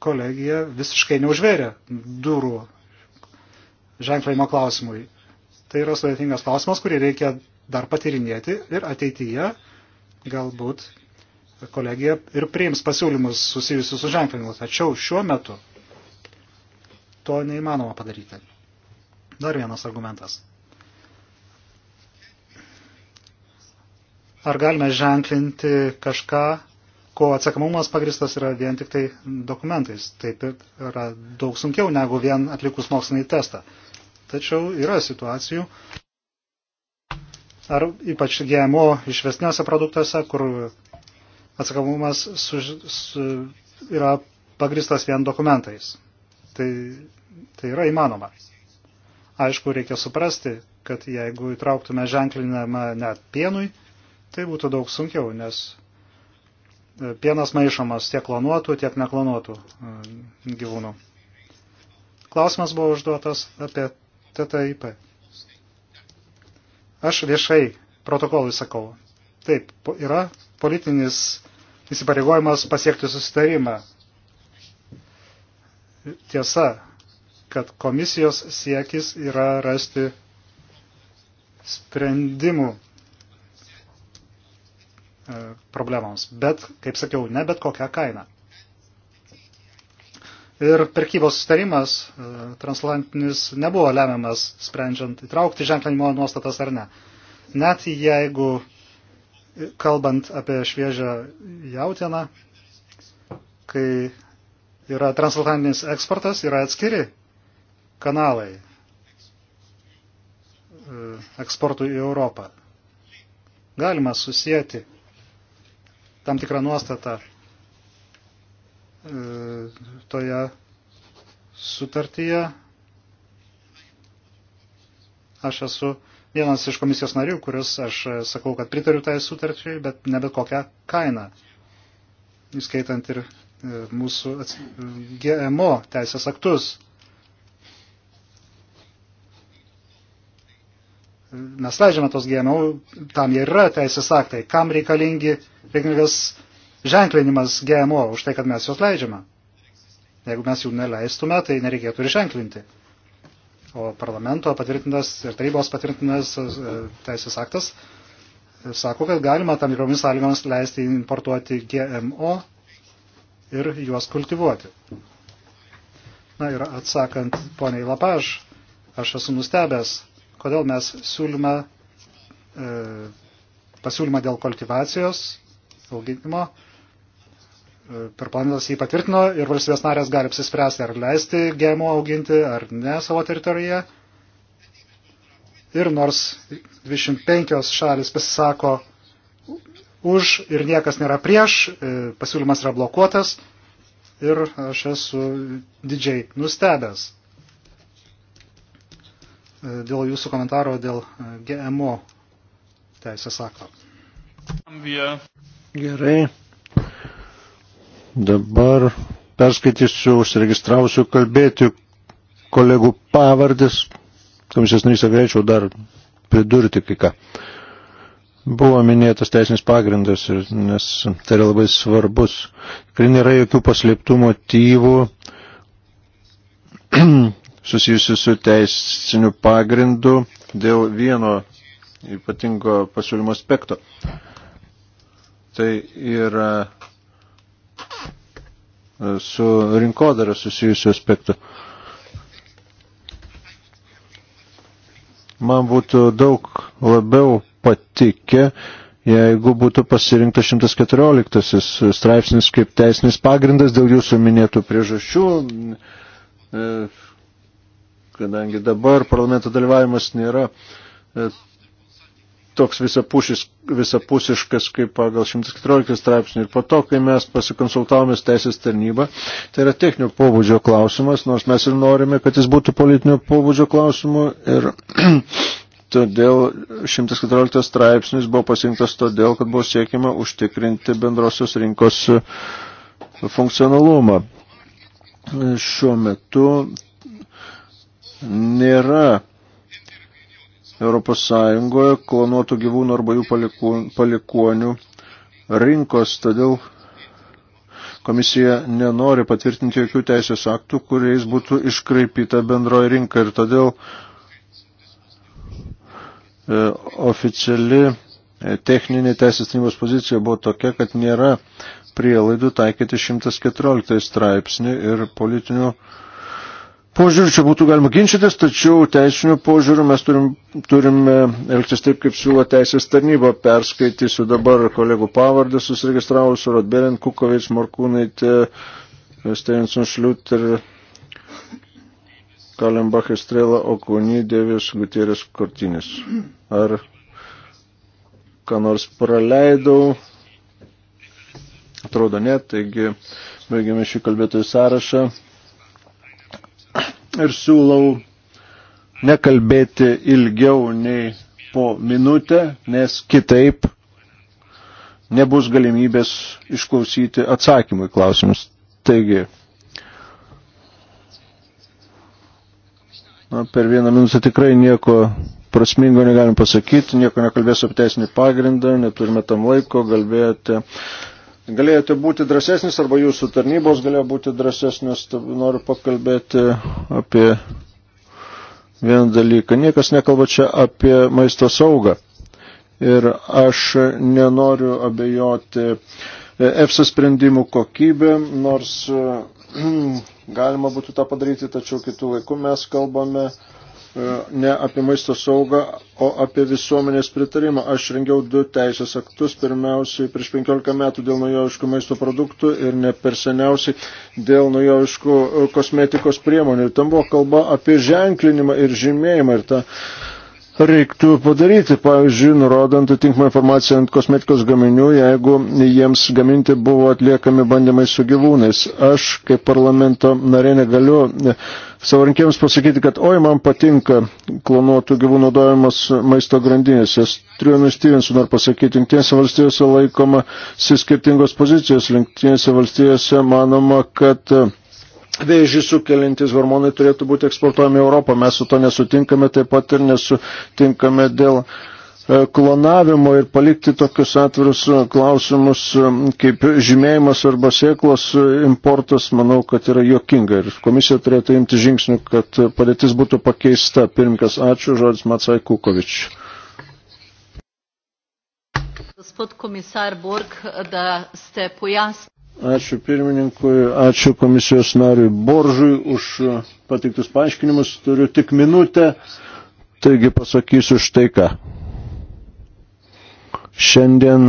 kolegija visiškai neužvėrė durų ženklinimo klausimui. Tai yra sudėtingas klausimas, kurį reikia dar patirinėti ir ateityje galbūt kolegija ir priims pasiūlymus susijusius su ženklinimu. Tačiau šiuo metu to neįmanoma padaryti. Dar vienas argumentas. Ar galime ženklinti kažką, ko atsakomumas pagristas yra vien tik tai dokumentais? Taip yra daug sunkiau negu vien atlikus mokslinį testą. Tačiau yra situacijų, ar ypač GMO išvesniuose produktuose, kur atsakomumas su, su, yra pagristas vien dokumentais tai, tai yra įmanoma. Aišku, reikia suprasti, kad jeigu įtrauktume ženklinimą net pienui, tai būtų daug sunkiau, nes e, pienas maišomas tiek klonuotų, tiek neklonuotų e, gyvūnų. Klausimas buvo užduotas apie TTIP. Aš viešai protokolui sakau, taip, yra politinis įsipareigojimas pasiekti susitarimą tiesa, kad komisijos siekis yra rasti sprendimų e, problemams, bet, kaip sakiau, ne bet kokią kainą. Ir prekybos sustarimas e, transatlantinis nebuvo lemiamas, sprendžiant įtraukti ženklinimo nuostatas ar ne. Net jeigu, kalbant apie šviežią jautieną, kai yra transatlantinis eksportas, yra atskiri kanalai e, eksportui į Europą. Galima susijęti tam tikrą nuostatą e, toje sutartyje. Aš esu vienas iš komisijos narių, kuris aš e, sakau, kad pritariu tai sutarčiai, bet ne bet kokią kainą, įskaitant ir E, mūsų GMO teisės aktus. Mes leidžiame tos GMO, tam jie yra teisės aktai. Kam reikalingi, reikalingas ženklinimas GMO už tai, kad mes juos leidžiame. Jeigu mes jų neleistume, tai nereikėtų ir ženklinti. O parlamento patvirtintas ir tarybos patvirtintas e, teisės aktas e, sako, kad galima tam tikromis sąlygomis leisti importuoti GMO ir juos kultivuoti. Na ir atsakant poniai Lapaž, aš esu nustebęs, kodėl mes siūlyme, e, pasiūlymą dėl kultivacijos, auginimo, e, per planetas jį patvirtino ir valstybės narės gali apsispręsti, ar leisti gėmo auginti ar ne savo teritorijoje. Ir nors 25 šalis pasisako už ir niekas nėra prieš, e, pasiūlymas yra blokuotas ir aš esu didžiai nustebęs e, dėl jūsų komentaro dėl e, GMO teisės akto. Gerai. Dabar perskaitysiu užsiregistravusių kalbėti kolegų pavardės. Komisijos narys, galėčiau dar pridurti kai ką buvo minėtas teisinis pagrindas, nes tai yra labai svarbus. Tikrai nėra jokių paslėptų motyvų susijusių su teisiniu pagrindu dėl vieno ypatingo pasiūlymo aspekto. Tai yra su rinkodara susijusiu aspektu. Man būtų daug labiau patikę, jeigu būtų pasirinktas 114 straipsnis kaip teisinis pagrindas dėl jūsų minėtų priežasčių, e, kadangi dabar parlamento dalyvavimas nėra e, toks visapušis, visapusiškas kaip pagal 114 straipsnį. Ir po to, kai mes pasikonsultavome su teisės tarnyba, tai yra techninio pobūdžio klausimas, nors mes ir norime, kad jis būtų politinio pobūdžio klausimu. Ir Todėl 114 straipsnis buvo pasirinktas todėl, kad buvo siekima užtikrinti bendrosios rinkos funkcionalumą. Šiuo metu nėra Europos Sąjungoje klonuotų gyvūnų arba jų palikuonių rinkos, todėl komisija nenori patvirtinti jokių teisės aktų, kuriais būtų iškraipyta bendroji rinka ir todėl uh, E, oficiali e, techninė teisės tarnybos pozicija buvo tokia, kad nėra prielaidų taikyti 114 straipsnį ir politinių požiūrių čia būtų galima ginčytis, tačiau teisinių požiūrių mes turim, turime elgtis taip, kaip siūlo teisės tarnyba. Perskaitysiu dabar kolegų pavardę susiregistravusiu Rodberin, Kukovic, Morkūnaitė, Steinson Šliuter. Ir Kalembach Estrela Okūny Dėvis Gutierės Kortinis. Ar ką nors praleidau? Atrodo ne, taigi baigiame šį kalbėtojų sąrašą ir siūlau nekalbėti ilgiau nei po minutę, nes kitaip nebus galimybės išklausyti atsakymų į klausimus. Taigi, Na, per vieną minutę tikrai nieko prasmingo negalim pasakyti, nieko nekalbėsiu apie teisinį pagrindą, neturime tam laiko, galbėjote. Galėjote būti drąsesnis arba jūsų tarnybos galėjo būti drąsesnis, noriu pakalbėti apie vieną dalyką. Niekas nekalba čia apie maisto saugą. Ir aš nenoriu abejoti e, EFSA sprendimų kokybę, nors galima būtų tą padaryti, tačiau kitų laikų mes kalbame e, ne apie maisto saugą, o apie visuomenės pritarimą. Aš rengiau du teisės aktus, pirmiausiai prieš 15 metų dėl naujoviškų maisto produktų ir ne per seniausiai dėl naujoviškų e, kosmetikos priemonių. Tam buvo kalba apie ženklinimą ir žymėjimą ir tą ta reiktų padaryti, pavyzdžiui, nurodant atitinkamą informaciją ant kosmetikos gaminių, jeigu jiems gaminti buvo atliekami bandymai su gyvūnais. Aš kaip parlamento narė negaliu e, savo rinkėjams pasakyti, kad oi, man patinka klonuotų gyvūnų naudojimas maisto grandinėse. Trijonui Stevenson ar pasakyti, jungtinėse valstijose laikoma skirtingos pozicijos. Jungtinėse valstijose manoma, kad e, vėžį sukeliantis hormonai turėtų būti eksportuojami Europą. Mes su to nesutinkame, taip pat ir nesutinkame dėl e, klonavimo ir palikti tokius atvirus e, klausimus e, kaip žymėjimas arba sėklos importas, manau, kad yra jokinga ir komisija turėtų imti žingsnių, kad padėtis būtų pakeista. Pirmkas, ačiū, žodis Macai Kukovič. Gospod komisar Borg, da ste pojasnili. Ačiū pirmininkui, ačiū komisijos nariui Boržui už patiktus paaiškinimus. Turiu tik minutę, taigi pasakysiu štai ką. Šiandien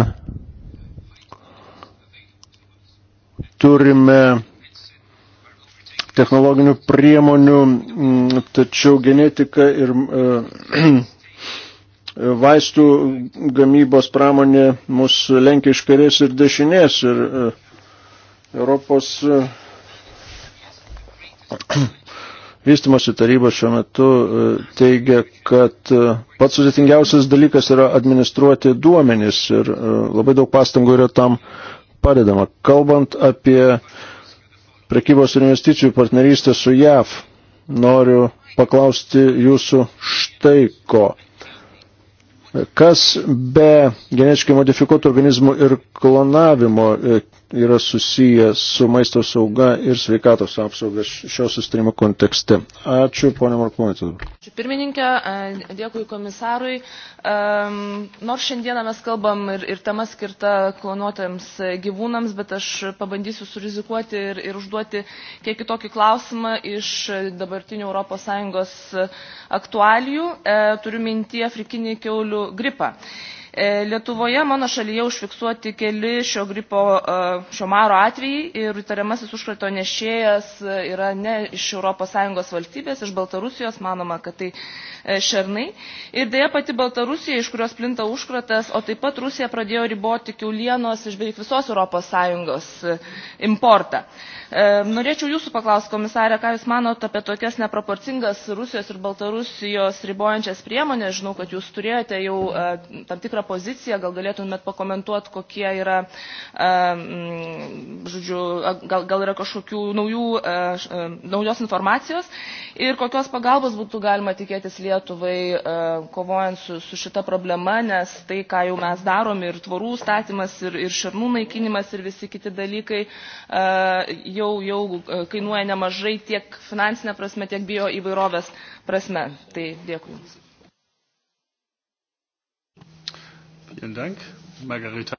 turime technologinių priemonių, tačiau genetika ir e, vaistų gamybos pramonė mus lenkia iš kairės ir dešinės. Ir, e, Europos e, vystimosi taryba šiuo metu e, teigia, kad e, pats sudėtingiausias dalykas yra administruoti duomenis ir labai daug pastangų yra tam padedama. Kalbant apie prekybos ir investicijų partnerystę su JAV, noriu paklausti jūsų štai ko. Kas be genetiškai modifikuotų organizmų ir klonavimo yra susiję su maisto sauga ir sveikatos apsauga šio sustarimo kontekste. Ačiū, ponė Markūnėtė. Ačiū pirmininkė, dėkui komisarui. Nors šiandieną mes kalbam ir, ir tema skirta klonuotams gyvūnams, bet aš pabandysiu surizikuoti ir, ir užduoti kiek kitokį klausimą iš dabartinių ES aktualijų. E, turiu minti afrikinį keulių gripą. E, Lietuvoje mano šalyje užfiksuoti keli šio gripo, e, šio maro atvejai ir įtariamasis užkrato nešėjas e, yra ne iš ES valstybės, iš Baltarusijos, manoma, kad tai šernai. Ir dėja pati Baltarusija, iš kurios plinta užkratas, o taip pat Rusija pradėjo riboti kiaulienos iš beveik visos ES importą. E, norėčiau jūsų paklausti, komisarė, ką jūs manote apie tokias neproporcingas Rusijos ir Baltarusijos ribojančias priemonės. Žinau, kad jūs turėjote jau e, tam tikrą poziciją, gal galėtumėt pakomentuoti, kokie yra, e, žodžiu, gal, gal yra kažkokių naujų, naujos informacijos ir kokios pagalbos būtų galima tikėtis Lietuvai kovojant su, su šita problema, nes tai, ką jau mes darom, ir tvorų statymas, ir, ir šarnų naikinimas, ir visi kiti dalykai, jau, jau e, kainuoja nemažai tiek finansinė prasme, tiek bio įvairovės prasme. Tai dėkui Jums. Vielen Dank. Margarita.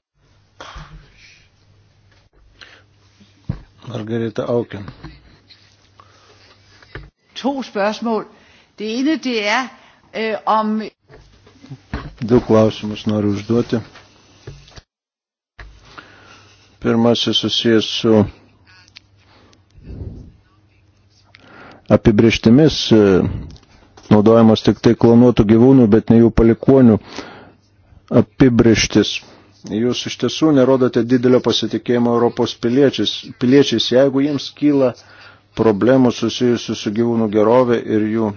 Margarita Auken. To spørgsmål. Det ene, det er øh, om... Du klausimus noriu užduoti. Pirmasis susijęs su apibrieštimis e, naudojamos tik tai klonuotų gyvūnų, bet ne jų palikonių apibrieštis. Jūs iš tiesų nerodote didelio pasitikėjimo Europos piliečiais, piliečiais jeigu jiems kyla problemų susijusių su gyvūnų gerovė ir jų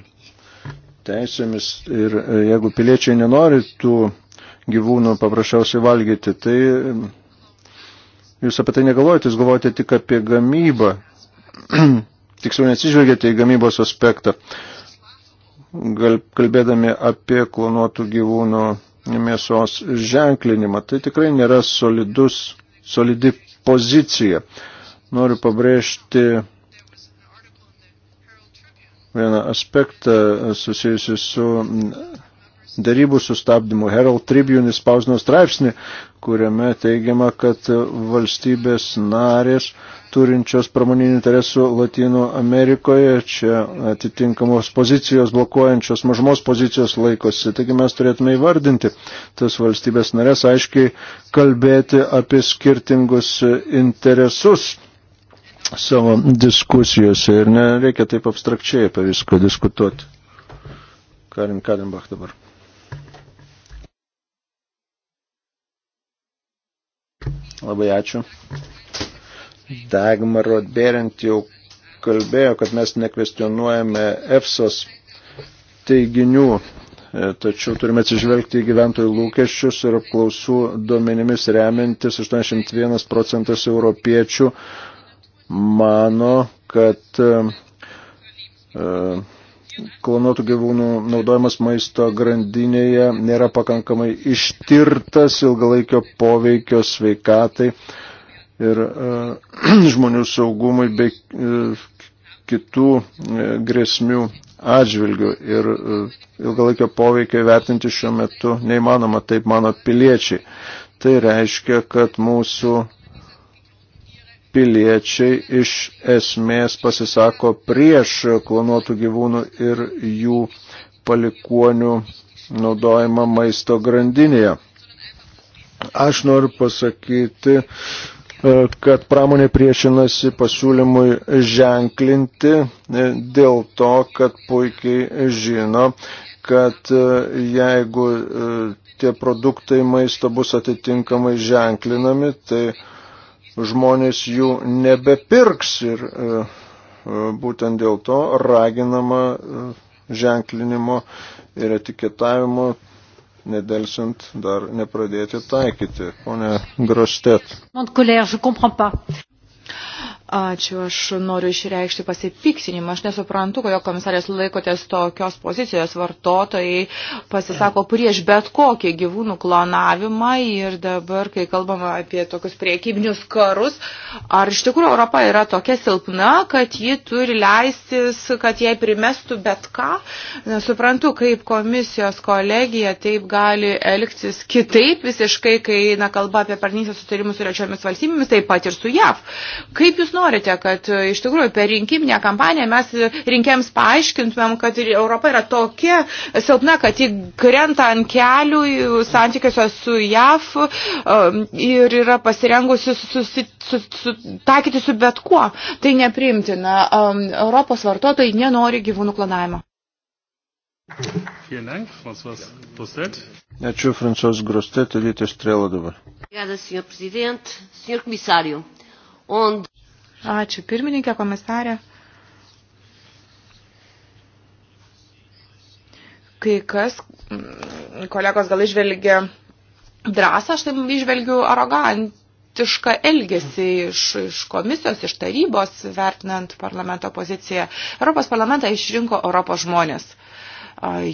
teisėmis. Ir e, jeigu piliečiai nenori tų gyvūnų paprasčiausiai valgyti, tai e, jūs apie tai negalvojate, jūs galvojate tik apie gamybą. tiksliau neatsižvelgėte į gamybos aspektą, gal, kalbėdami apie klonuotų gyvūnų mėsos ženklinimą. Tai tikrai nėra solidus, solidi pozicija. Noriu pabrėžti vieną aspektą susijusi su darybų sustabdymų. Herald Tribune spausdino straipsnį, kuriame teigiama, kad valstybės narės turinčios pramoninių interesų Latino Amerikoje, čia atitinkamos pozicijos, blokuojančios mažumos pozicijos laikosi. Taigi mes turėtume įvardinti tas valstybės narės, aiškiai kalbėti apie skirtingus interesus savo diskusijose ir nereikia taip abstrakčiai apie viską diskutuoti. Karin Kadenbach dabar. Labai ačiū. Dagmar Rodberint jau kalbėjo, kad mes nekvestionuojame EFSOS teiginių, e, tačiau turime atsižvelgti į gyventojų lūkesčius ir apklausų duomenimis remiantis 81 procentas europiečių mano, kad uh, klonuotų gyvūnų naudojimas maisto grandinėje nėra pakankamai ištirtas ilgalaikio poveikio sveikatai ir uh, žmonių saugumui bei uh, kitų uh, grėsmių atžvilgių ir uh, ilgalaikio poveikio vertinti šiuo metu neįmanoma, taip mano piliečiai. Tai reiškia, kad mūsų piliečiai iš esmės pasisako prieš klonuotų gyvūnų ir jų palikuonių naudojimą maisto grandinėje. Aš noriu pasakyti, kad pramonė priešinasi pasiūlymui ženklinti dėl to, kad puikiai žino, kad jeigu tie produktai maisto bus atitinkamai ženklinami, tai žmonės jų nebepirks ir e, e, būtent dėl to raginama e, ženklinimo ir etiketavimo nedelsiant dar nepradėti taikyti, o ne grostet. Ačiū, aš noriu išreikšti pasipiksinimą. Aš nesuprantu, kodėl komisarės laikotės tokios pozicijos. Vartotojai pasisako prieš bet kokį gyvūnų klonavimą ir dabar, kai kalbama apie tokius priekybinius karus, ar iš tikrųjų Europa yra tokia silpna, kad ji turi leistis, kad jai primestų bet ką. Nesuprantu, kaip komisijos kolegija taip gali elgtis kitaip visiškai, kai na, kalba apie partnysės sutarimus su rečiomis valstybėmis, taip pat ir su JAV. Kaip jūs norite? norite, kad e, iš tikrųjų per rinkiminę kampaniją mes rinkėms paaiškintumėm, kad Europa yra tokia silpna, kad ji krenta ant kelių e, santykiuose su JAF e, ir yra pasirengusi susitaikyti su, su, su, su bet kuo. Tai nepriimtina. Europos vartotojai nenori gyvūnų klonavimo. Ačiū, Fransos Grostet, Lytė Strela dabar. Obrigada, Sr. Presidente. Sr. Comissário, onde... Ačiū pirmininkė, komisarė. Kai kas, mm, kolegos gal išvelgia drąsą, aš tai išvelgiu arogantišką elgesį iš, iš komisijos, iš tarybos, vertinant parlamento poziciją. Europos parlamentą išrinko Europos žmonės. Uh,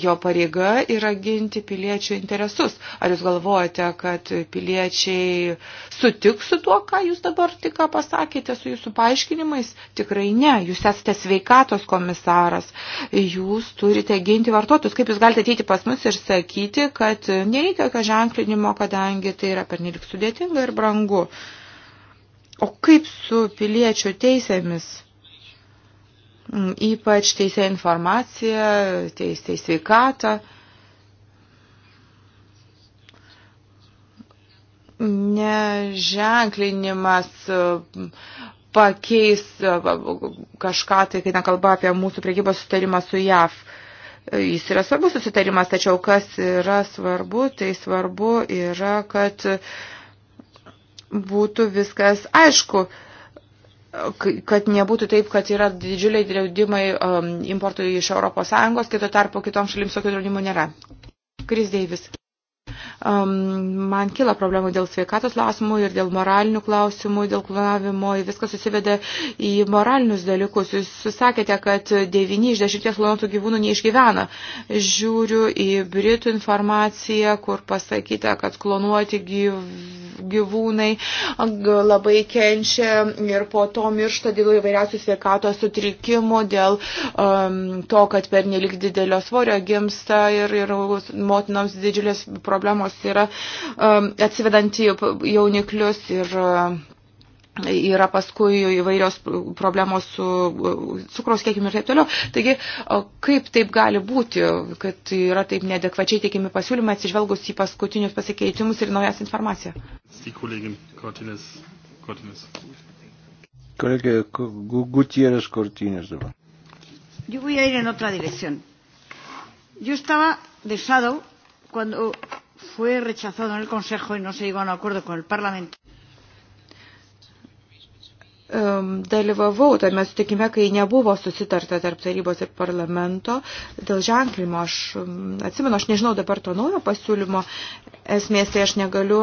jo pareiga yra ginti piliečių interesus. Ar jūs galvojate, kad piliečiai sutiks su tuo, ką jūs dabar tik pasakėte su jūsų paaiškinimais? Tikrai ne. Jūs esate sveikatos komisaras. Jūs turite ginti vartotojus. Kaip jūs galite ateiti pas mus ir sakyti, kad nereikia jokio ženklinimo, kadangi tai yra pernelik sudėtinga ir brangu? O kaip su piliečių teisėmis? Mm, ypač teisė informacija, teisė sveikata. Neženklinimas mm, pakeis kažką, tai kai nekalba apie mūsų priekybos sutarimą su JAV. Jis yra svarbus susitarimas, tačiau kas yra svarbu, tai svarbu yra, kad būtų viskas aišku kad nebūtų taip, kad yra didžiuliai draudimai um, importui iš ES, kito tarpo kitoms šalims tokių draudimų nėra. Kris Deivis man kila problemų dėl sveikatos klausimų ir dėl moralinių klausimų, dėl planavimo, viskas susivedė į moralinius dalykus. Jūs sakėte, kad 9 iš 10 klonuotų gyvūnų neišgyvena. Žiūriu į Britų informaciją, kur pasakyta, kad klonuoti gyvūnai labai kenčia ir po to miršta dėl įvairiausių sveikatos sutrikimų, dėl um, to, kad per nelik didelio svorio gimsta ir, ir motinoms didžiulės problemos problemos yra um, atsivedant jauniklius ir um, yra paskui įvairios problemos su uh, cukros kiekimi ir taip toliau. Taigi, kaip taip gali būti, kad yra taip nedekvačiai teikimi pasiūlymai atsižvelgus į paskutinius pasikeitimus ir naujas informaciją? Kolegė Gutierrez Cortines dabar. Yo voy a ir en otra dirección. Yo estaba de shadow cuando fue rechazado en el Consejo y no se llegó a un acuerdo con el Parlamento. Dalyvavau tame sutikime, kai nebuvo susitarta tarp tarybos ir parlamento dėl ženklimo. Aš atsimenu, aš nežinau dabar to naujo pasiūlymo esmės, tai aš negaliu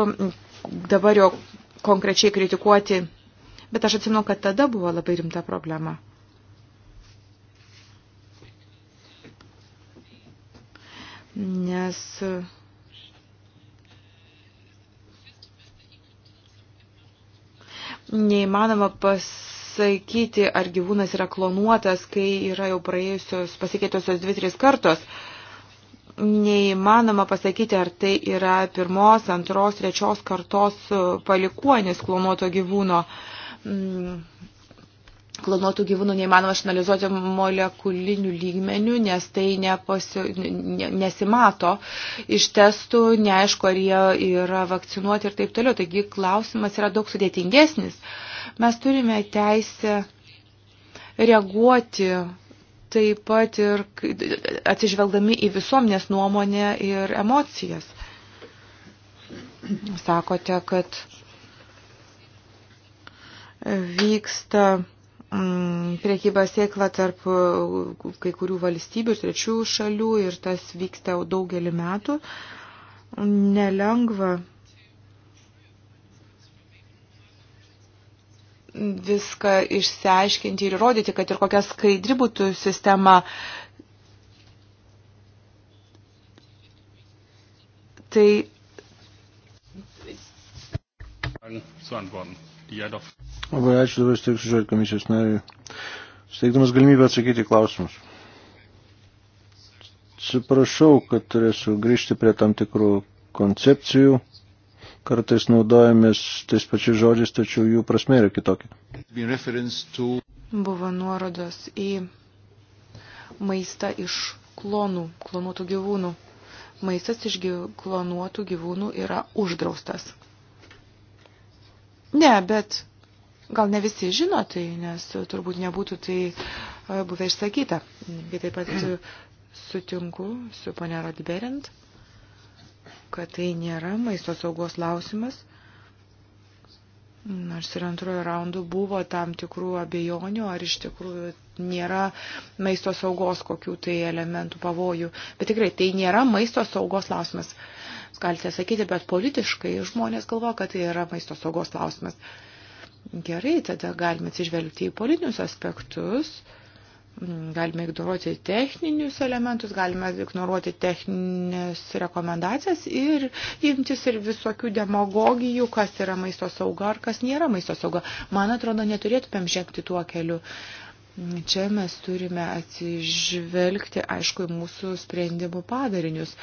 dabar jo konkrečiai kritikuoti, bet aš atsimenu, kad tada buvo labai rimta problema. Nes. Uh, neįmanoma pasakyti, ar gyvūnas yra klonuotas, kai yra jau praėjusios pasikeitusios dvi, trys kartos. Neįmanoma pasakyti, ar tai yra pirmos, antros, trečios kartos palikuonis klonuoto gyvūno. Mm, klonuotų gyvūnų neįmanoma išanalizuoti molekulinių lygmenių, nes tai nepasi, nesimato iš testų, neaišku, ar jie yra vakcinuoti ir taip toliau. Taigi klausimas yra daug sudėtingesnis. Mes turime teisę reaguoti taip pat ir atsižvelgdami į visuomenės nuomonę ir emocijas. Sakote, kad vyksta Mm, priekyba sėkla tarp uh, kai kurių valstybių ir trečių šalių ir tas vyksta jau daugelį metų. Nelengva viską išsiaiškinti ir įrodyti, kad ir kokia skaidri būtų sistema. Tai. Zu antworten. Jadov. Labai ačiū dabar steiksiu žodį komisijos nariui. Steigdamas galimybę atsakyti klausimus. Atsiprašau, kad turėsiu grįžti prie tam tikrų koncepcijų. Kartais naudojamės tais pačiais žodžiais, tačiau jų prasme yra kitokia. Buvo nuorodos į maistą iš klonų, klonuotų gyvūnų. Maistas iš klonuotų gyvūnų yra uždraustas. Ne, bet gal ne visi žino tai, nes turbūt nebūtų tai e, buvę išsakyta. Bet taip pat sutinku su ponia Rodberint, kad tai nėra maisto saugos klausimas. Nors ir antrojo raundu buvo tam tikrų abejonių, ar iš tikrųjų nėra maisto saugos kokių tai elementų pavojų. Bet tikrai tai nėra maisto saugos klausimas. Jūs galite sakyti, bet politiškai žmonės galvo, kad tai yra maisto saugos klausimas. Gerai, tada galime atsižvelgti į politinius aspektus, mm, galime ignoruoti techninius elementus, galime ignoruoti techninės rekomendacijas ir imtis ir visokių demagogijų, kas yra maisto sauga ar kas nėra maisto sauga. Man atrodo, neturėtumėm žengti tuo keliu. Čia mes turime atsižvelgti, aišku, į mūsų sprendimų padarinius.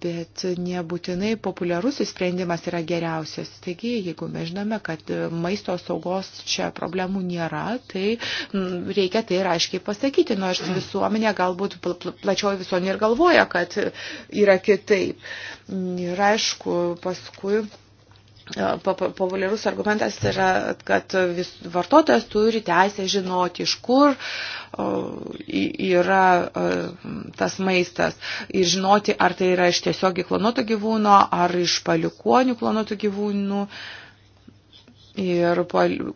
Bet nebūtinai populiarusis sprendimas yra geriausias. Taigi, jeigu mes žinome, kad maisto saugos čia problemų nėra, tai mm, reikia tai ir aiškiai pasakyti, nors visuomenė galbūt plačioji visuomenė ir galvoja, kad yra kitaip. Ir aišku, paskui populiarus argumentas yra, kad vis, vartotojas turi teisę žinoti, iš kur yra tas maistas ir žinoti, ar tai yra iš tiesiogiai klonoto gyvūno, ar iš palikonių klonoto gyvūnų. Ir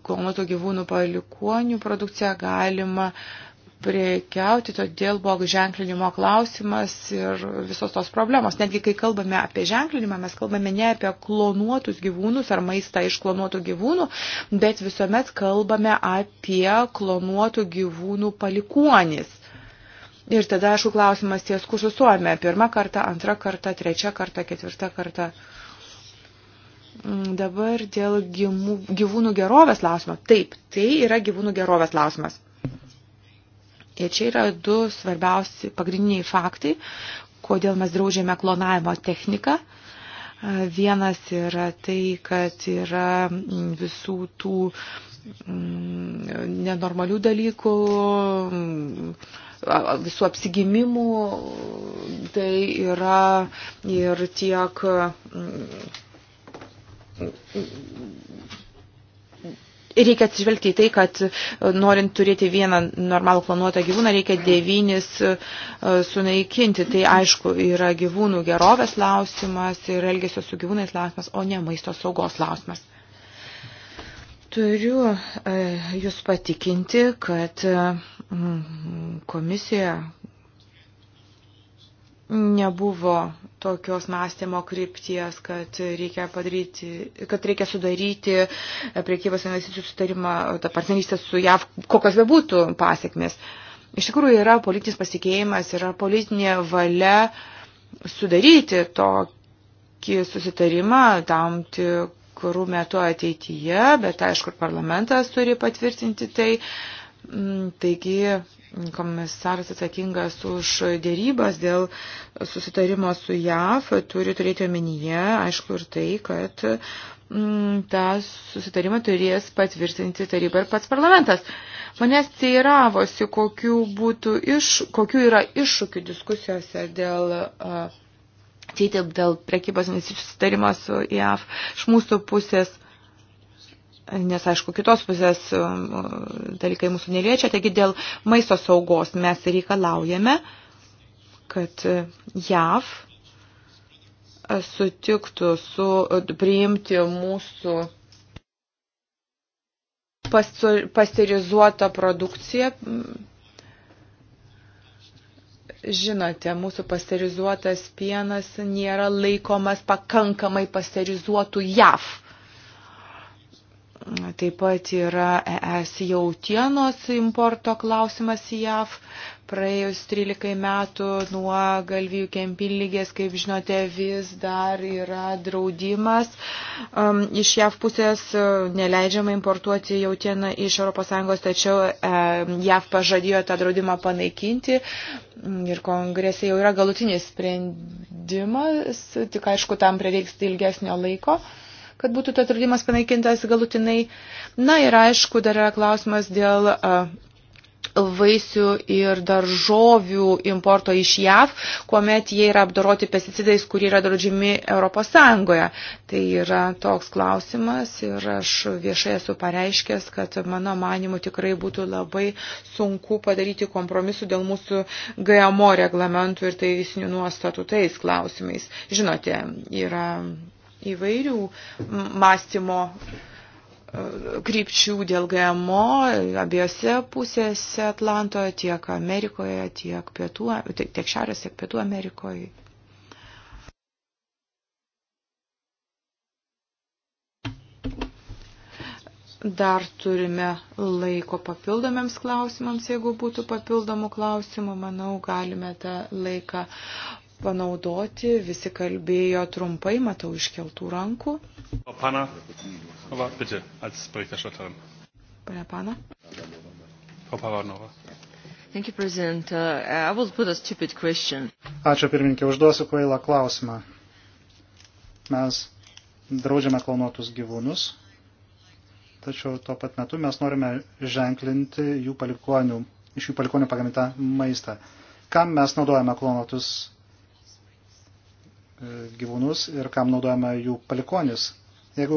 klonoto gyvūnų palikonių produkciją galima uh, priekiauti, todėl buvo ženklinimo klausimas ir visos tos problemos. Netgi kai kalbame apie ženklinimą, mes kalbame ne apie klonuotus gyvūnus ar maistą iš klonuotų gyvūnų, bet visuomet kalbame apie klonuotų gyvūnų palikuonis. Ir tada, aišku, klausimas ties, kur susuojame. Pirmą kartą, antrą kartą, trečią kartą, ketvirtą kartą. Dabar dėl gyvūnų gerovės klausimo. Taip, tai yra gyvūnų gerovės klausimas. Ir čia yra du svarbiausi pagrindiniai faktai, kodėl mes draudžiame klonavimo techniką. Vienas yra tai, kad yra mm, visų tų mm, nenormalių dalykų, mm, visų apsigimimų, tai yra ir tiek reikia atsižvelgti į tai, kad e, norint turėti vieną normalų planuotą gyvūną, reikia devynis e, sunaikinti. Tai aišku, yra gyvūnų gerovės klausimas ir elgesio su gyvūnais klausimas, o ne maisto saugos klausimas. Turiu e, Jūs patikinti, kad mm, komisija, nebuvo tokios mąstymo krypties, kad reikia, padaryti, kad reikia sudaryti priekybos investicijų sutarimą, tą partnerystę su JAV, kokios bebūtų pasiekmes. Iš tikrųjų yra politinis pasikeimas, yra politinė valia sudaryti tokį susitarimą tam tikrų metų ateityje, bet aišku, parlamentas turi patvirtinti tai. Uh, Mm, taigi komisaras atsakingas už dėrybas dėl susitarimo su JAF turi turėti omenyje, aišku, ir tai, kad mm, tą susitarimą turės patvirtinti taryba ir pats parlamentas. Manęs teiravosi, kokiu, būtų iš, kokiu yra iššūkių diskusijose dėl uh, TTIP, dėl prekybos investicijų susitarimo su JAF. Iš mūsų pusės nes, aišku, kitos pusės um, um, dalykai mūsų neliečia. Taigi dėl maisto saugos mes reikalaujame, kad uh, JAV uh, sutiktų su, uh, priimti mūsų pasterizuotą produkciją. Žinote, mūsų pasterizuotas pienas nėra laikomas pakankamai pasterizuotų JAV Taip pat yra ES jautienos importo klausimas į JAV. Praėjus 13 metų nuo galvijų kempinlygės, kaip žinote, vis dar yra draudimas. Um, iš JAV pusės uh, neleidžiama importuoti jautieną iš ES, tačiau um, JAV pažadėjo tą draudimą panaikinti mm, ir kongrese jau yra galutinis sprendimas, tik aišku, tam prireiks ilgesnio laiko. Um, kad būtų tas draudimas panaikintas galutinai. Na ir aišku, dar yra klausimas dėl vaisių ir daržovių importo iš JAV, kuomet jie yra apdoroti pesticidais, kurie yra draudžiami Europos Sąjungoje. Tai yra toks klausimas ir aš viešai esu pareiškęs, kad mano manimu tikrai būtų labai sunku padaryti kompromisų dėl mūsų GMO reglamentų ir teisinių nuostatų tais klausimais. Žinote, yra įvairių mąstymo e, krypčių dėl GMO abiejose pusėse Atlanto, tiek Amerikoje, tiek, pietų, tiek Šiaurės, tiek Pietų Amerikoje. Dar turime laiko papildomiams klausimams, jeigu būtų papildomų klausimų, manau, galime tą laiką panaudoti. Visi kalbėjo trumpai, matau iškeltų rankų. Pana, aber bitte, als Berichterstatterin. Pane Pana. Frau Pavanova. Thank you, President. Uh, I will put a stupid question. Ačiū pirmininkė, užduosiu kvailą klausimą. Mes draudžiame klonuotus gyvūnus, tačiau tuo pat metu mes norime ženklinti jų palikonių, iš jų palikonių pagamintą maistą. Kam mes naudojame klonuotus E, gyvūnus ir kam naudojama jų palikonis. Jeigu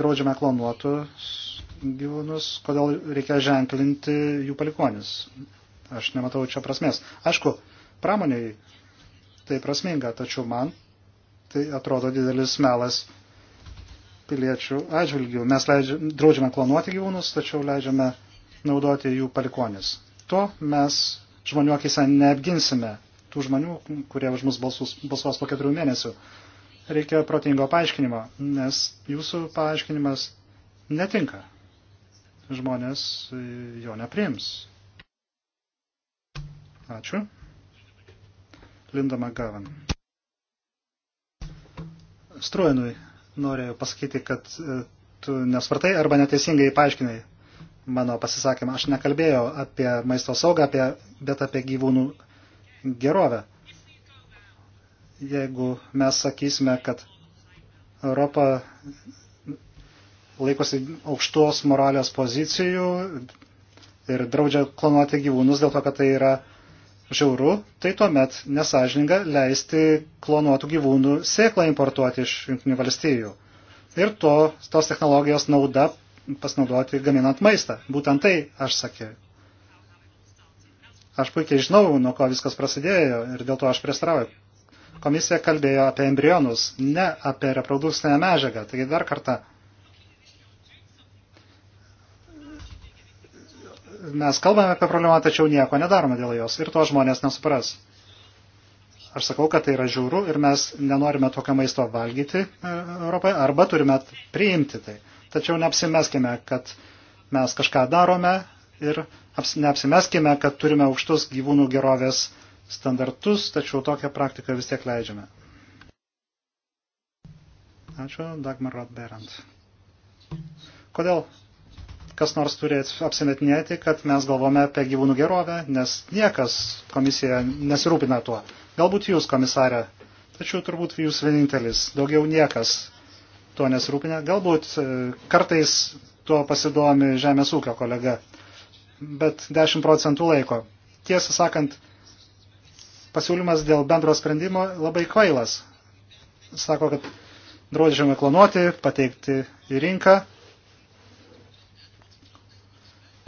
draudžiame klonuotus gyvūnus, kodėl reikia ženklinti jų palikonis? Aš nematau čia prasmės. Aišku, pramoniai tai prasminga, tačiau man tai atrodo didelis melas piliečių atžvilgių. Mes leidži, draudžiame klonuoti gyvūnus, tačiau leidžiame naudoti jų palikonis. To mes žmonių akise neapginsime tų žmonių, kurie už mus balsus, balsuos po keturių mėnesių. Reikia protingo paaiškinimo, nes jūsų paaiškinimas netinka. Žmonės jo nepriims. Ačiū. Linda McGavin. Struenui norėjau pasakyti, kad e, tu nesvartai arba neteisingai paaiškinai mano pasisakymą. Aš nekalbėjau apie maisto saugą, apie, bet apie gyvūnų gerovę. Jeigu mes sakysime, kad Europa laikosi aukštos moralės pozicijų ir draudžia klonuoti gyvūnus dėl to, kad tai yra žiauru, tai tuomet nesažininga leisti klonuotų gyvūnų sėklą importuoti iš Junktinių valstijų. Ir to, tos technologijos nauda pasinaudoti gaminant maistą. Būtent tai aš sakiau. Aš puikiai žinau, nuo ko viskas prasidėjo ir dėl to aš prieštarauju. Komisija kalbėjo apie embrionus, ne apie reprodukcinę medžiagą. Taigi dar kartą mes kalbame apie problemą, tačiau nieko nedarome dėl jos ir to žmonės nesupras. Aš sakau, kad tai yra žiūrų ir mes nenorime tokio maisto valgyti e, Europoje arba turime priimti tai. Tačiau neapsimeskime, kad mes kažką darome ir neapsimeskime, kad turime aukštus gyvūnų gerovės standartus, tačiau tokią praktiką vis tiek leidžiame. Ačiū, Dagmar Rodberant. Kodėl kas nors turi apsimetinėti, kad mes galvome apie gyvūnų gerovę, nes niekas komisija nesirūpina tuo. Galbūt jūs, komisarė, tačiau turbūt jūs vienintelis, daugiau niekas tuo nesirūpina. Galbūt e, kartais tuo pasidomi žemės ūkio kolega bet 10 procentų laiko. Tiesą sakant, pasiūlymas dėl bendro sprendimo labai kvailas. Sako, kad draudžiame klonuoti, pateikti į rinką.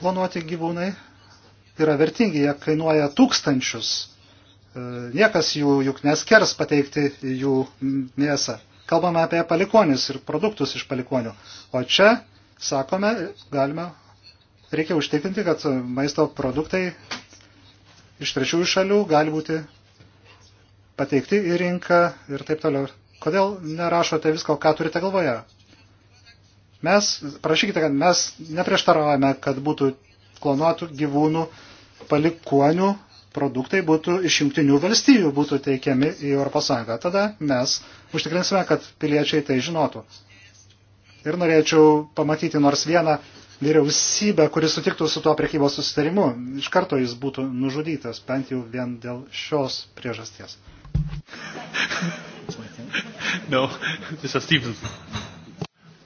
Klonuoti gyvūnai yra vertingi, jie kainuoja tūkstančius. E, niekas jų juk neskers pateikti jų mėsą. Kalbame apie palikonis ir produktus iš palikonių. O čia, sakome, galime Reikia užtikrinti, kad maisto produktai iš trečiųjų šalių gali būti pateikti į rinką ir taip toliau. Kodėl nerašote visko, ką turite galvoje? Mes, prašykite, kad mes neprieštaravome, kad būtų klonuotų gyvūnų palikuonių produktai būtų iš jungtinių valstybių būtų teikiami į ES. Tada mes užtikrinsime, kad piliečiai tai žinotų. Ir norėčiau pamatyti nors vieną vyriausybę, kuris sutiktų su tuo priekybos susitarimu, iš karto jis būtų nužudytas, bent jau vien dėl šios priežasties. no, Mr. Stevens.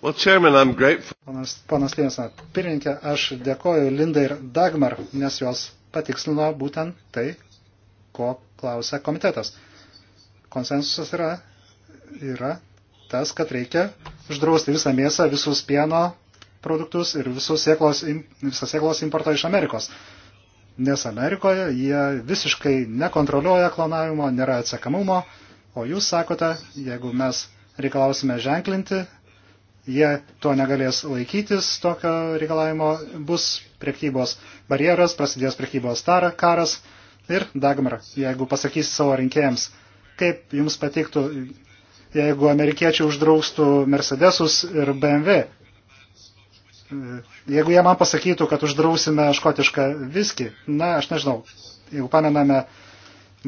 Well, Chairman, I'm grateful. Panas, panas Linsna, pirmininkė, aš dėkoju Linda ir Dagmar, nes jos patikslino būtent tai, ko klausia komitetas. Konsensusas yra, yra tas, kad reikia uždrausti visą mėsą, visus pieno produktus ir visus sėklos, visą sėklos importą iš Amerikos. Nes Amerikoje jie visiškai nekontroliuoja klonavimo, nėra atsekamumo, o jūs sakote, jeigu mes reikalausime ženklinti, jie to negalės laikytis, tokio reikalavimo bus priekybos barjeras, prasidės priekybos tar, karas ir Dagmar, jeigu pasakys savo rinkėjams, kaip jums patiktų, jeigu amerikiečiai uždraustų Mercedesus ir BMW, jeigu jie man pasakytų, kad uždrausime škotišką viskį, na, aš nežinau, jeigu pamename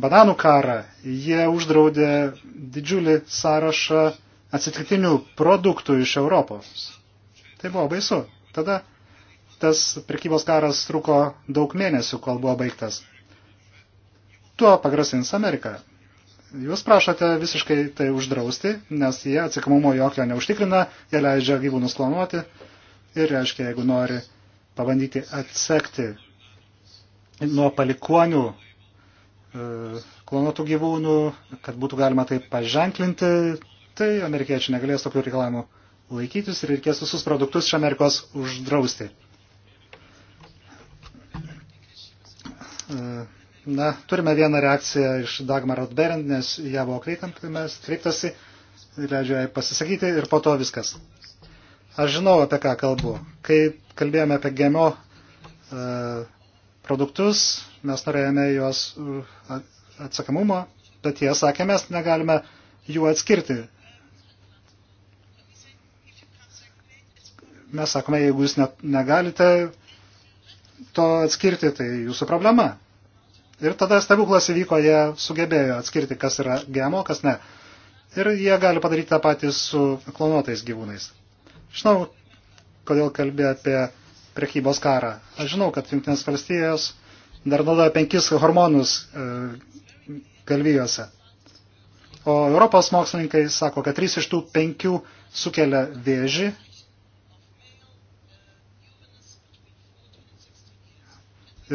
bananų karą, jie uždraudė didžiulį sąrašą atsitiktinių produktų iš Europos. Tai buvo baisu. Tada tas prekybos karas truko daug mėnesių, kol buvo baigtas. Tuo pagrasins Amerika. Jūs prašote visiškai tai uždrausti, nes jie atsikamumo jokio neužtikrina, jie leidžia gyvūnus klonuoti, ir reiškia, jeigu nori pabandyti atsekti nuo palikonių e, klonotų gyvūnų, kad būtų galima tai paženklinti, tai amerikiečiai negalės tokių reikalavimų laikytis ir reikės visus produktus iš Amerikos uždrausti. E, na, turime vieną reakciją iš Dagmar Rotberend, nes ją buvo kreiptasi, leidžiu jai pasisakyti ir po to viskas. Aš žinau, apie ką kalbu. Kai kalbėjome apie gemio e, produktus, mes norėjome juos e, atsakomumo, bet jie sakė, mes negalime jų atskirti. Mes sakome, jeigu jūs net negalite to atskirti, tai jūsų problema. Ir tada stebuklas įvyko, jie sugebėjo atskirti, kas yra gemo, kas ne. Ir jie gali padaryti tą patį su klonuotais gyvūnais. Žinau, kodėl kalbė apie prekybos karą. Aš žinau, kad Junktinės valstijos dar naudoja penkis hormonus e, galvijose. O Europos mokslininkai sako, kad trys iš tų penkių sukelia vėžį.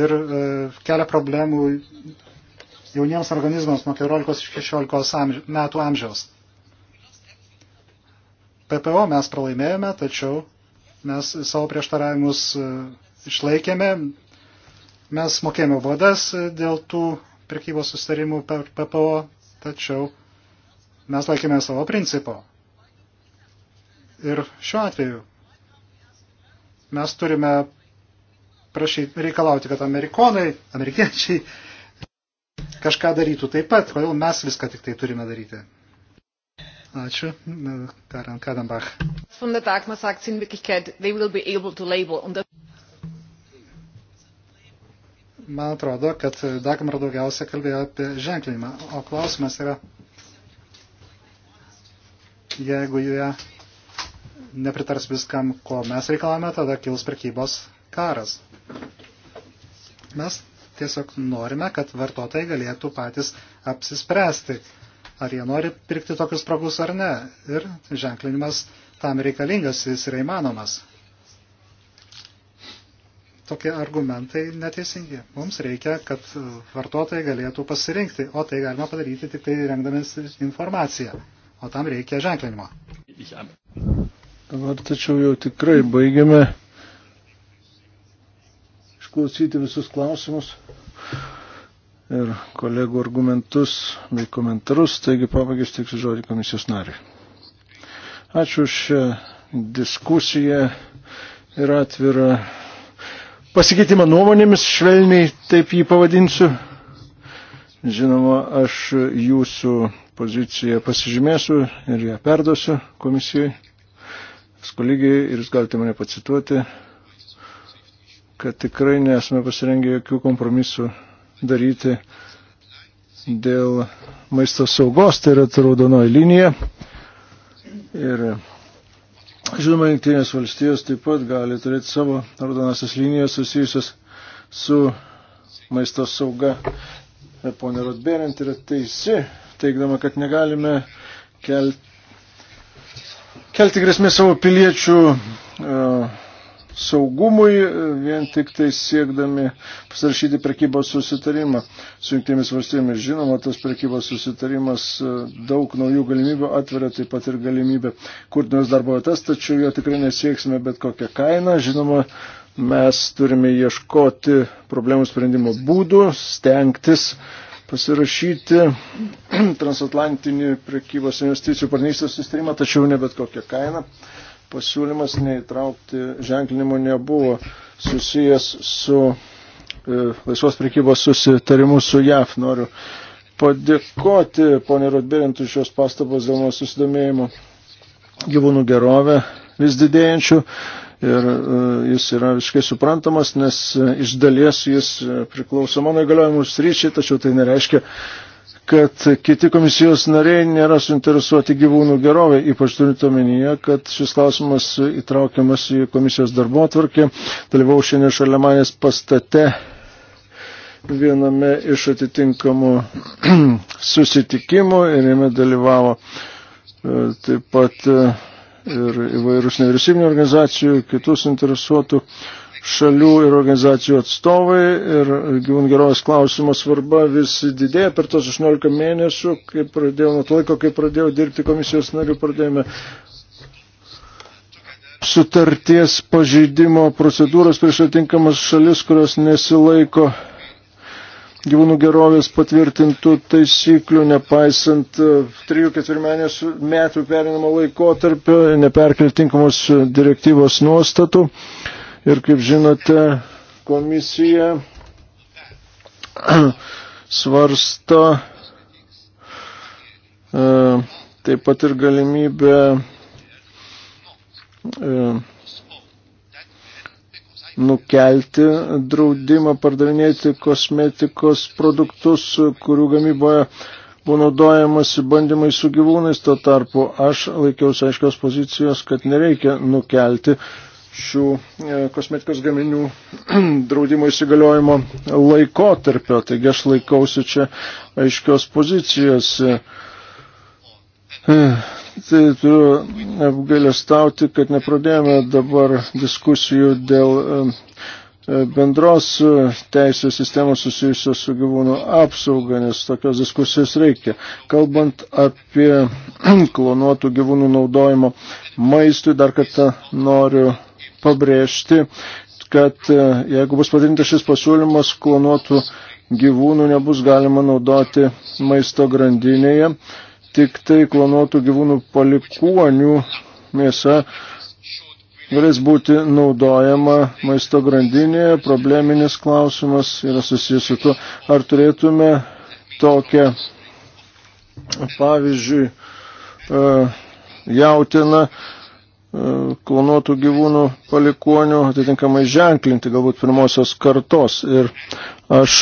Ir e, kelia problemų jauniems organizmams nuo 14 iki 16 amž metų amžiaus. PPO mes pralaimėjome, tačiau mes savo prieštaravimus e, išlaikėme. Mes mokėjome vadas e, dėl tų prekybos sustarimų per PPO, tačiau mes laikėme savo principo. Ir šiuo atveju mes turime prašyti, reikalauti, kad amerikonai, amerikiečiai kažką darytų taip pat, kodėl mes viską tik tai turime daryti. Ačiū. Karen Kadenbach. Von der Dagmar sagt sie in Wirklichkeit, they will be able to label. Und Man atrodo, kad Dagmar daugiausia kalbėjo apie ženklinimą, o klausimas yra, jeigu jie nepritars viskam, ko mes reikalavome, tada kils prekybos karas. Mes tiesiog norime, kad vartotojai galėtų patys apsispręsti, ar jie nori pirkti tokius sprogus ar ne. Ir ženklinimas tam reikalingas, jis yra įmanomas. Tokie argumentai neteisingi. Mums reikia, kad e, vartotojai galėtų pasirinkti, o tai galima padaryti tik tai rengdamis informaciją. O tam reikia ženklinimo. Dabar tačiau jau tikrai baigiame išklausyti visus klausimus ir kolegų argumentus bei komentarus. Taigi pabaigai stiksiu žodį komisijos nariui. Ačiū už diskusiją ir atvirą pasikeitimą nuomonėmis, švelniai taip jį pavadinsiu. Žinoma, aš jūsų poziciją pasižymėsiu ir ją perduosiu komisijai, kolegijai ir jūs galite mane pacituoti, kad tikrai nesame pasirengę jokių kompromisų daryti dėl maisto saugos, tai yra raudonoji linija. Ir žinoma, jungtinės valstijos taip pat gali turėti savo raudonasias linijas susijusias su maisto sauga. E, Pone Rodberent yra teisi, teikdama, kad negalime kelti, kelti grėsmės savo piliečių uh, saugumui, vien tik tai siekdami pasirašyti prekybos susitarimą su jungtėmis valstybėmis. Žinoma, tas prekybos susitarimas e, daug naujų galimybių atveria taip pat ir galimybę kurti nors darbo vietas, tačiau jo tikrai nesieksime bet kokią kainą. Žinoma, mes turime ieškoti problemų sprendimo būdų, stengtis pasirašyti transatlantinį prekybos investicijų partnerystės sustarimą, tačiau ne bet kokią kainą pasiūlymas neįtraukti ženklinimo nebuvo susijęs su e, laisvos prekybos susitarimu su JAF. Noriu padėkoti ponė Rodberint už šios pastabos dėl mano susidomėjimo gyvūnų gerovę vis didėjančių ir e, jis yra visiškai suprantamas, nes e, iš dalies jis e, priklauso mano įgaliojimų sryčiai, tačiau tai nereiškia, kad kiti komisijos nariai nėra suinteresuoti gyvūnų gerovė, ypač turint omenyje, kad šis klausimas įtraukiamas į komisijos darbo atvarkį. Dalyvau šiandien šalia manęs pastate viename iš atitinkamų susitikimų ir jame dalyvavo e, taip pat e, ir įvairūs nevyriausybinio organizacijų, kitus interesuotų šalių ir organizacijų atstovai ir gyvūnų gerovės klausimo svarba vis didėja per tos 18 mėnesių, kai pradėjau, nuo to laiko, kai pradėjau dirbti komisijos nariu, pradėjome sutarties pažeidimo procedūros prieš atinkamas šalis, kurios nesilaiko gyvūnų gerovės patvirtintų taisyklių, nepaisant 3-4 e, metų perinamo laikotarpio, neperkeltinkamos direktyvos nuostatų. Ir kaip žinote, komisija svarsto e, taip pat ir galimybę e, nukelti draudimą pardavinėti kosmetikos produktus, kurių gamyboje buvo naudojamasi bandymai su gyvūnais, tuo tarpu aš laikiausi aiškios pozicijos, kad nereikia nukelti šių e, kosmetikos gaminių draudimo įsigaliojimo laikotarpio. Taigi aš laikausi čia aiškios pozicijos. E, e, tai turiu apgailestauti, kad nepradėjome dabar diskusijų dėl bendros teisės sistemos susijusios su gyvūnų apsauga, nes tokios diskusijos reikia. Kalbant apie klonuotų gyvūnų naudojimo maistui, dar kartą noriu pabrėžti, kad e, jeigu bus padintas šis pasiūlymas, klonuotų gyvūnų nebus galima naudoti maisto grandinėje, tik tai klonuotų gyvūnų palikuonių mėsa galės būti naudojama maisto grandinėje. Probleminis klausimas yra susijęs su tuo, ar turėtume tokią, pavyzdžiui, e, jautiną E, klonuotų gyvūnų palikonių atitinkamai ženklinti galbūt pirmosios kartos. Ir aš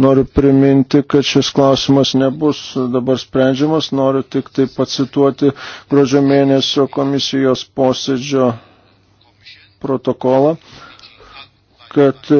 noriu priminti, kad šis klausimas nebus dabar sprendžiamas, noriu tik tai pacituoti gruodžio mėnesio komisijos posėdžio protokolą, kad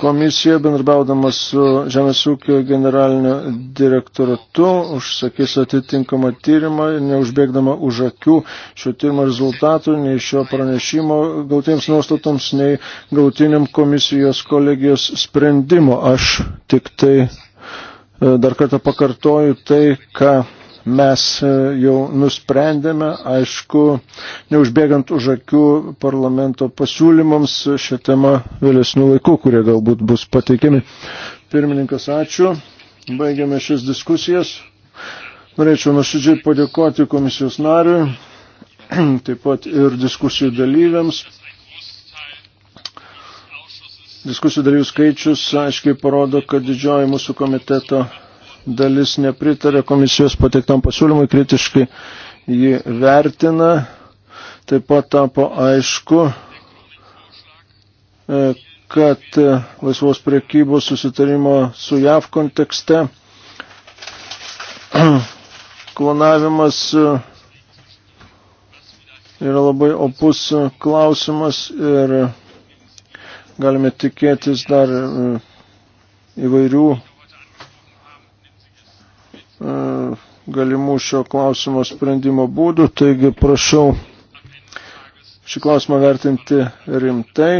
Komisija, bendrabaudama su Žemės ūkio generaliniu direktoratu, užsakys atitinkamą tyrimą, neužbėgdama už akių šio tyrimo rezultatų, nei šio pranešimo gautiems nuostatoms, nei gautiniam komisijos kolegijos sprendimo. Aš tik tai e, dar kartą pakartoju tai, ką mes e, jau nusprendėme, aišku, neužbėgant už akių parlamento pasiūlymams šią temą vėlesnių laikų, kurie galbūt bus pateikiami. Pirmininkas, ačiū. Baigiame šias diskusijas. Norėčiau nuoširdžiai padėkoti komisijos nariui, taip pat ir diskusijų dalyviams. Diskusijų dalyvių skaičius aiškiai parodo, kad didžioji mūsų komiteto dalis nepritarė komisijos pateiktam pasiūlymui, kritiškai jį vertina. Taip pat tapo aišku, e, kad laisvos priekybos susitarimo su JAV kontekste klonavimas e, yra labai opus klausimas ir galime tikėtis dar e, įvairių E, galimų šio klausimo sprendimo būdų, taigi prašau šį klausimą vertinti rimtai,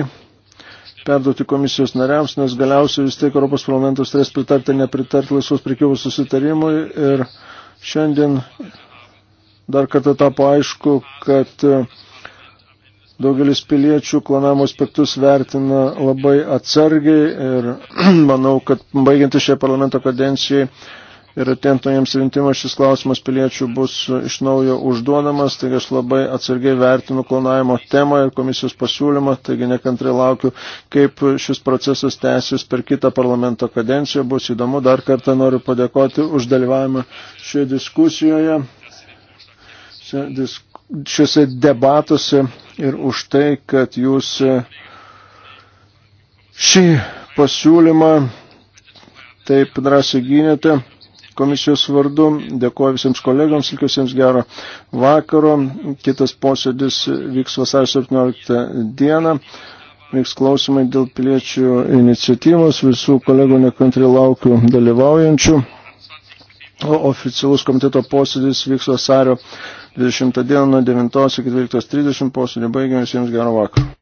perduoti komisijos nariams, nes galiausiai vis tiek Europos parlamentas turės pritarti nepritarti laisvos prekybos susitarimui ir šiandien dar kartą tapo aišku, kad daugelis piliečių planavimo aspektus vertina labai atsargiai ir manau, kad baigianti šią parlamento kadencijai ir atentojams rintimas šis klausimas piliečių bus iš naujo užduodamas, taigi aš labai atsargiai vertinu klonavimo temą ir komisijos pasiūlymą, taigi nekantrai laukiu, kaip šis procesas tęsis per kitą parlamento kadenciją, bus įdomu, dar kartą noriu padėkoti už dalyvavimą šioje diskusijoje, šiuose debatuose ir už tai, kad jūs šį pasiūlymą taip drąsiai gynėte komisijos vardu. Dėkuoju visiems kolegams, likusiems gero vakaro. Kitas posėdis vyks vasario 17 dieną. Vyks klausimai dėl piliečių iniciatyvos. Visų kolegų nekantri laukiu dalyvaujančių. O oficialus komiteto posėdis vyks vasario 20 dieną nuo 9 iki 12.30 posėdį. Baigiam visiems gero vakaro.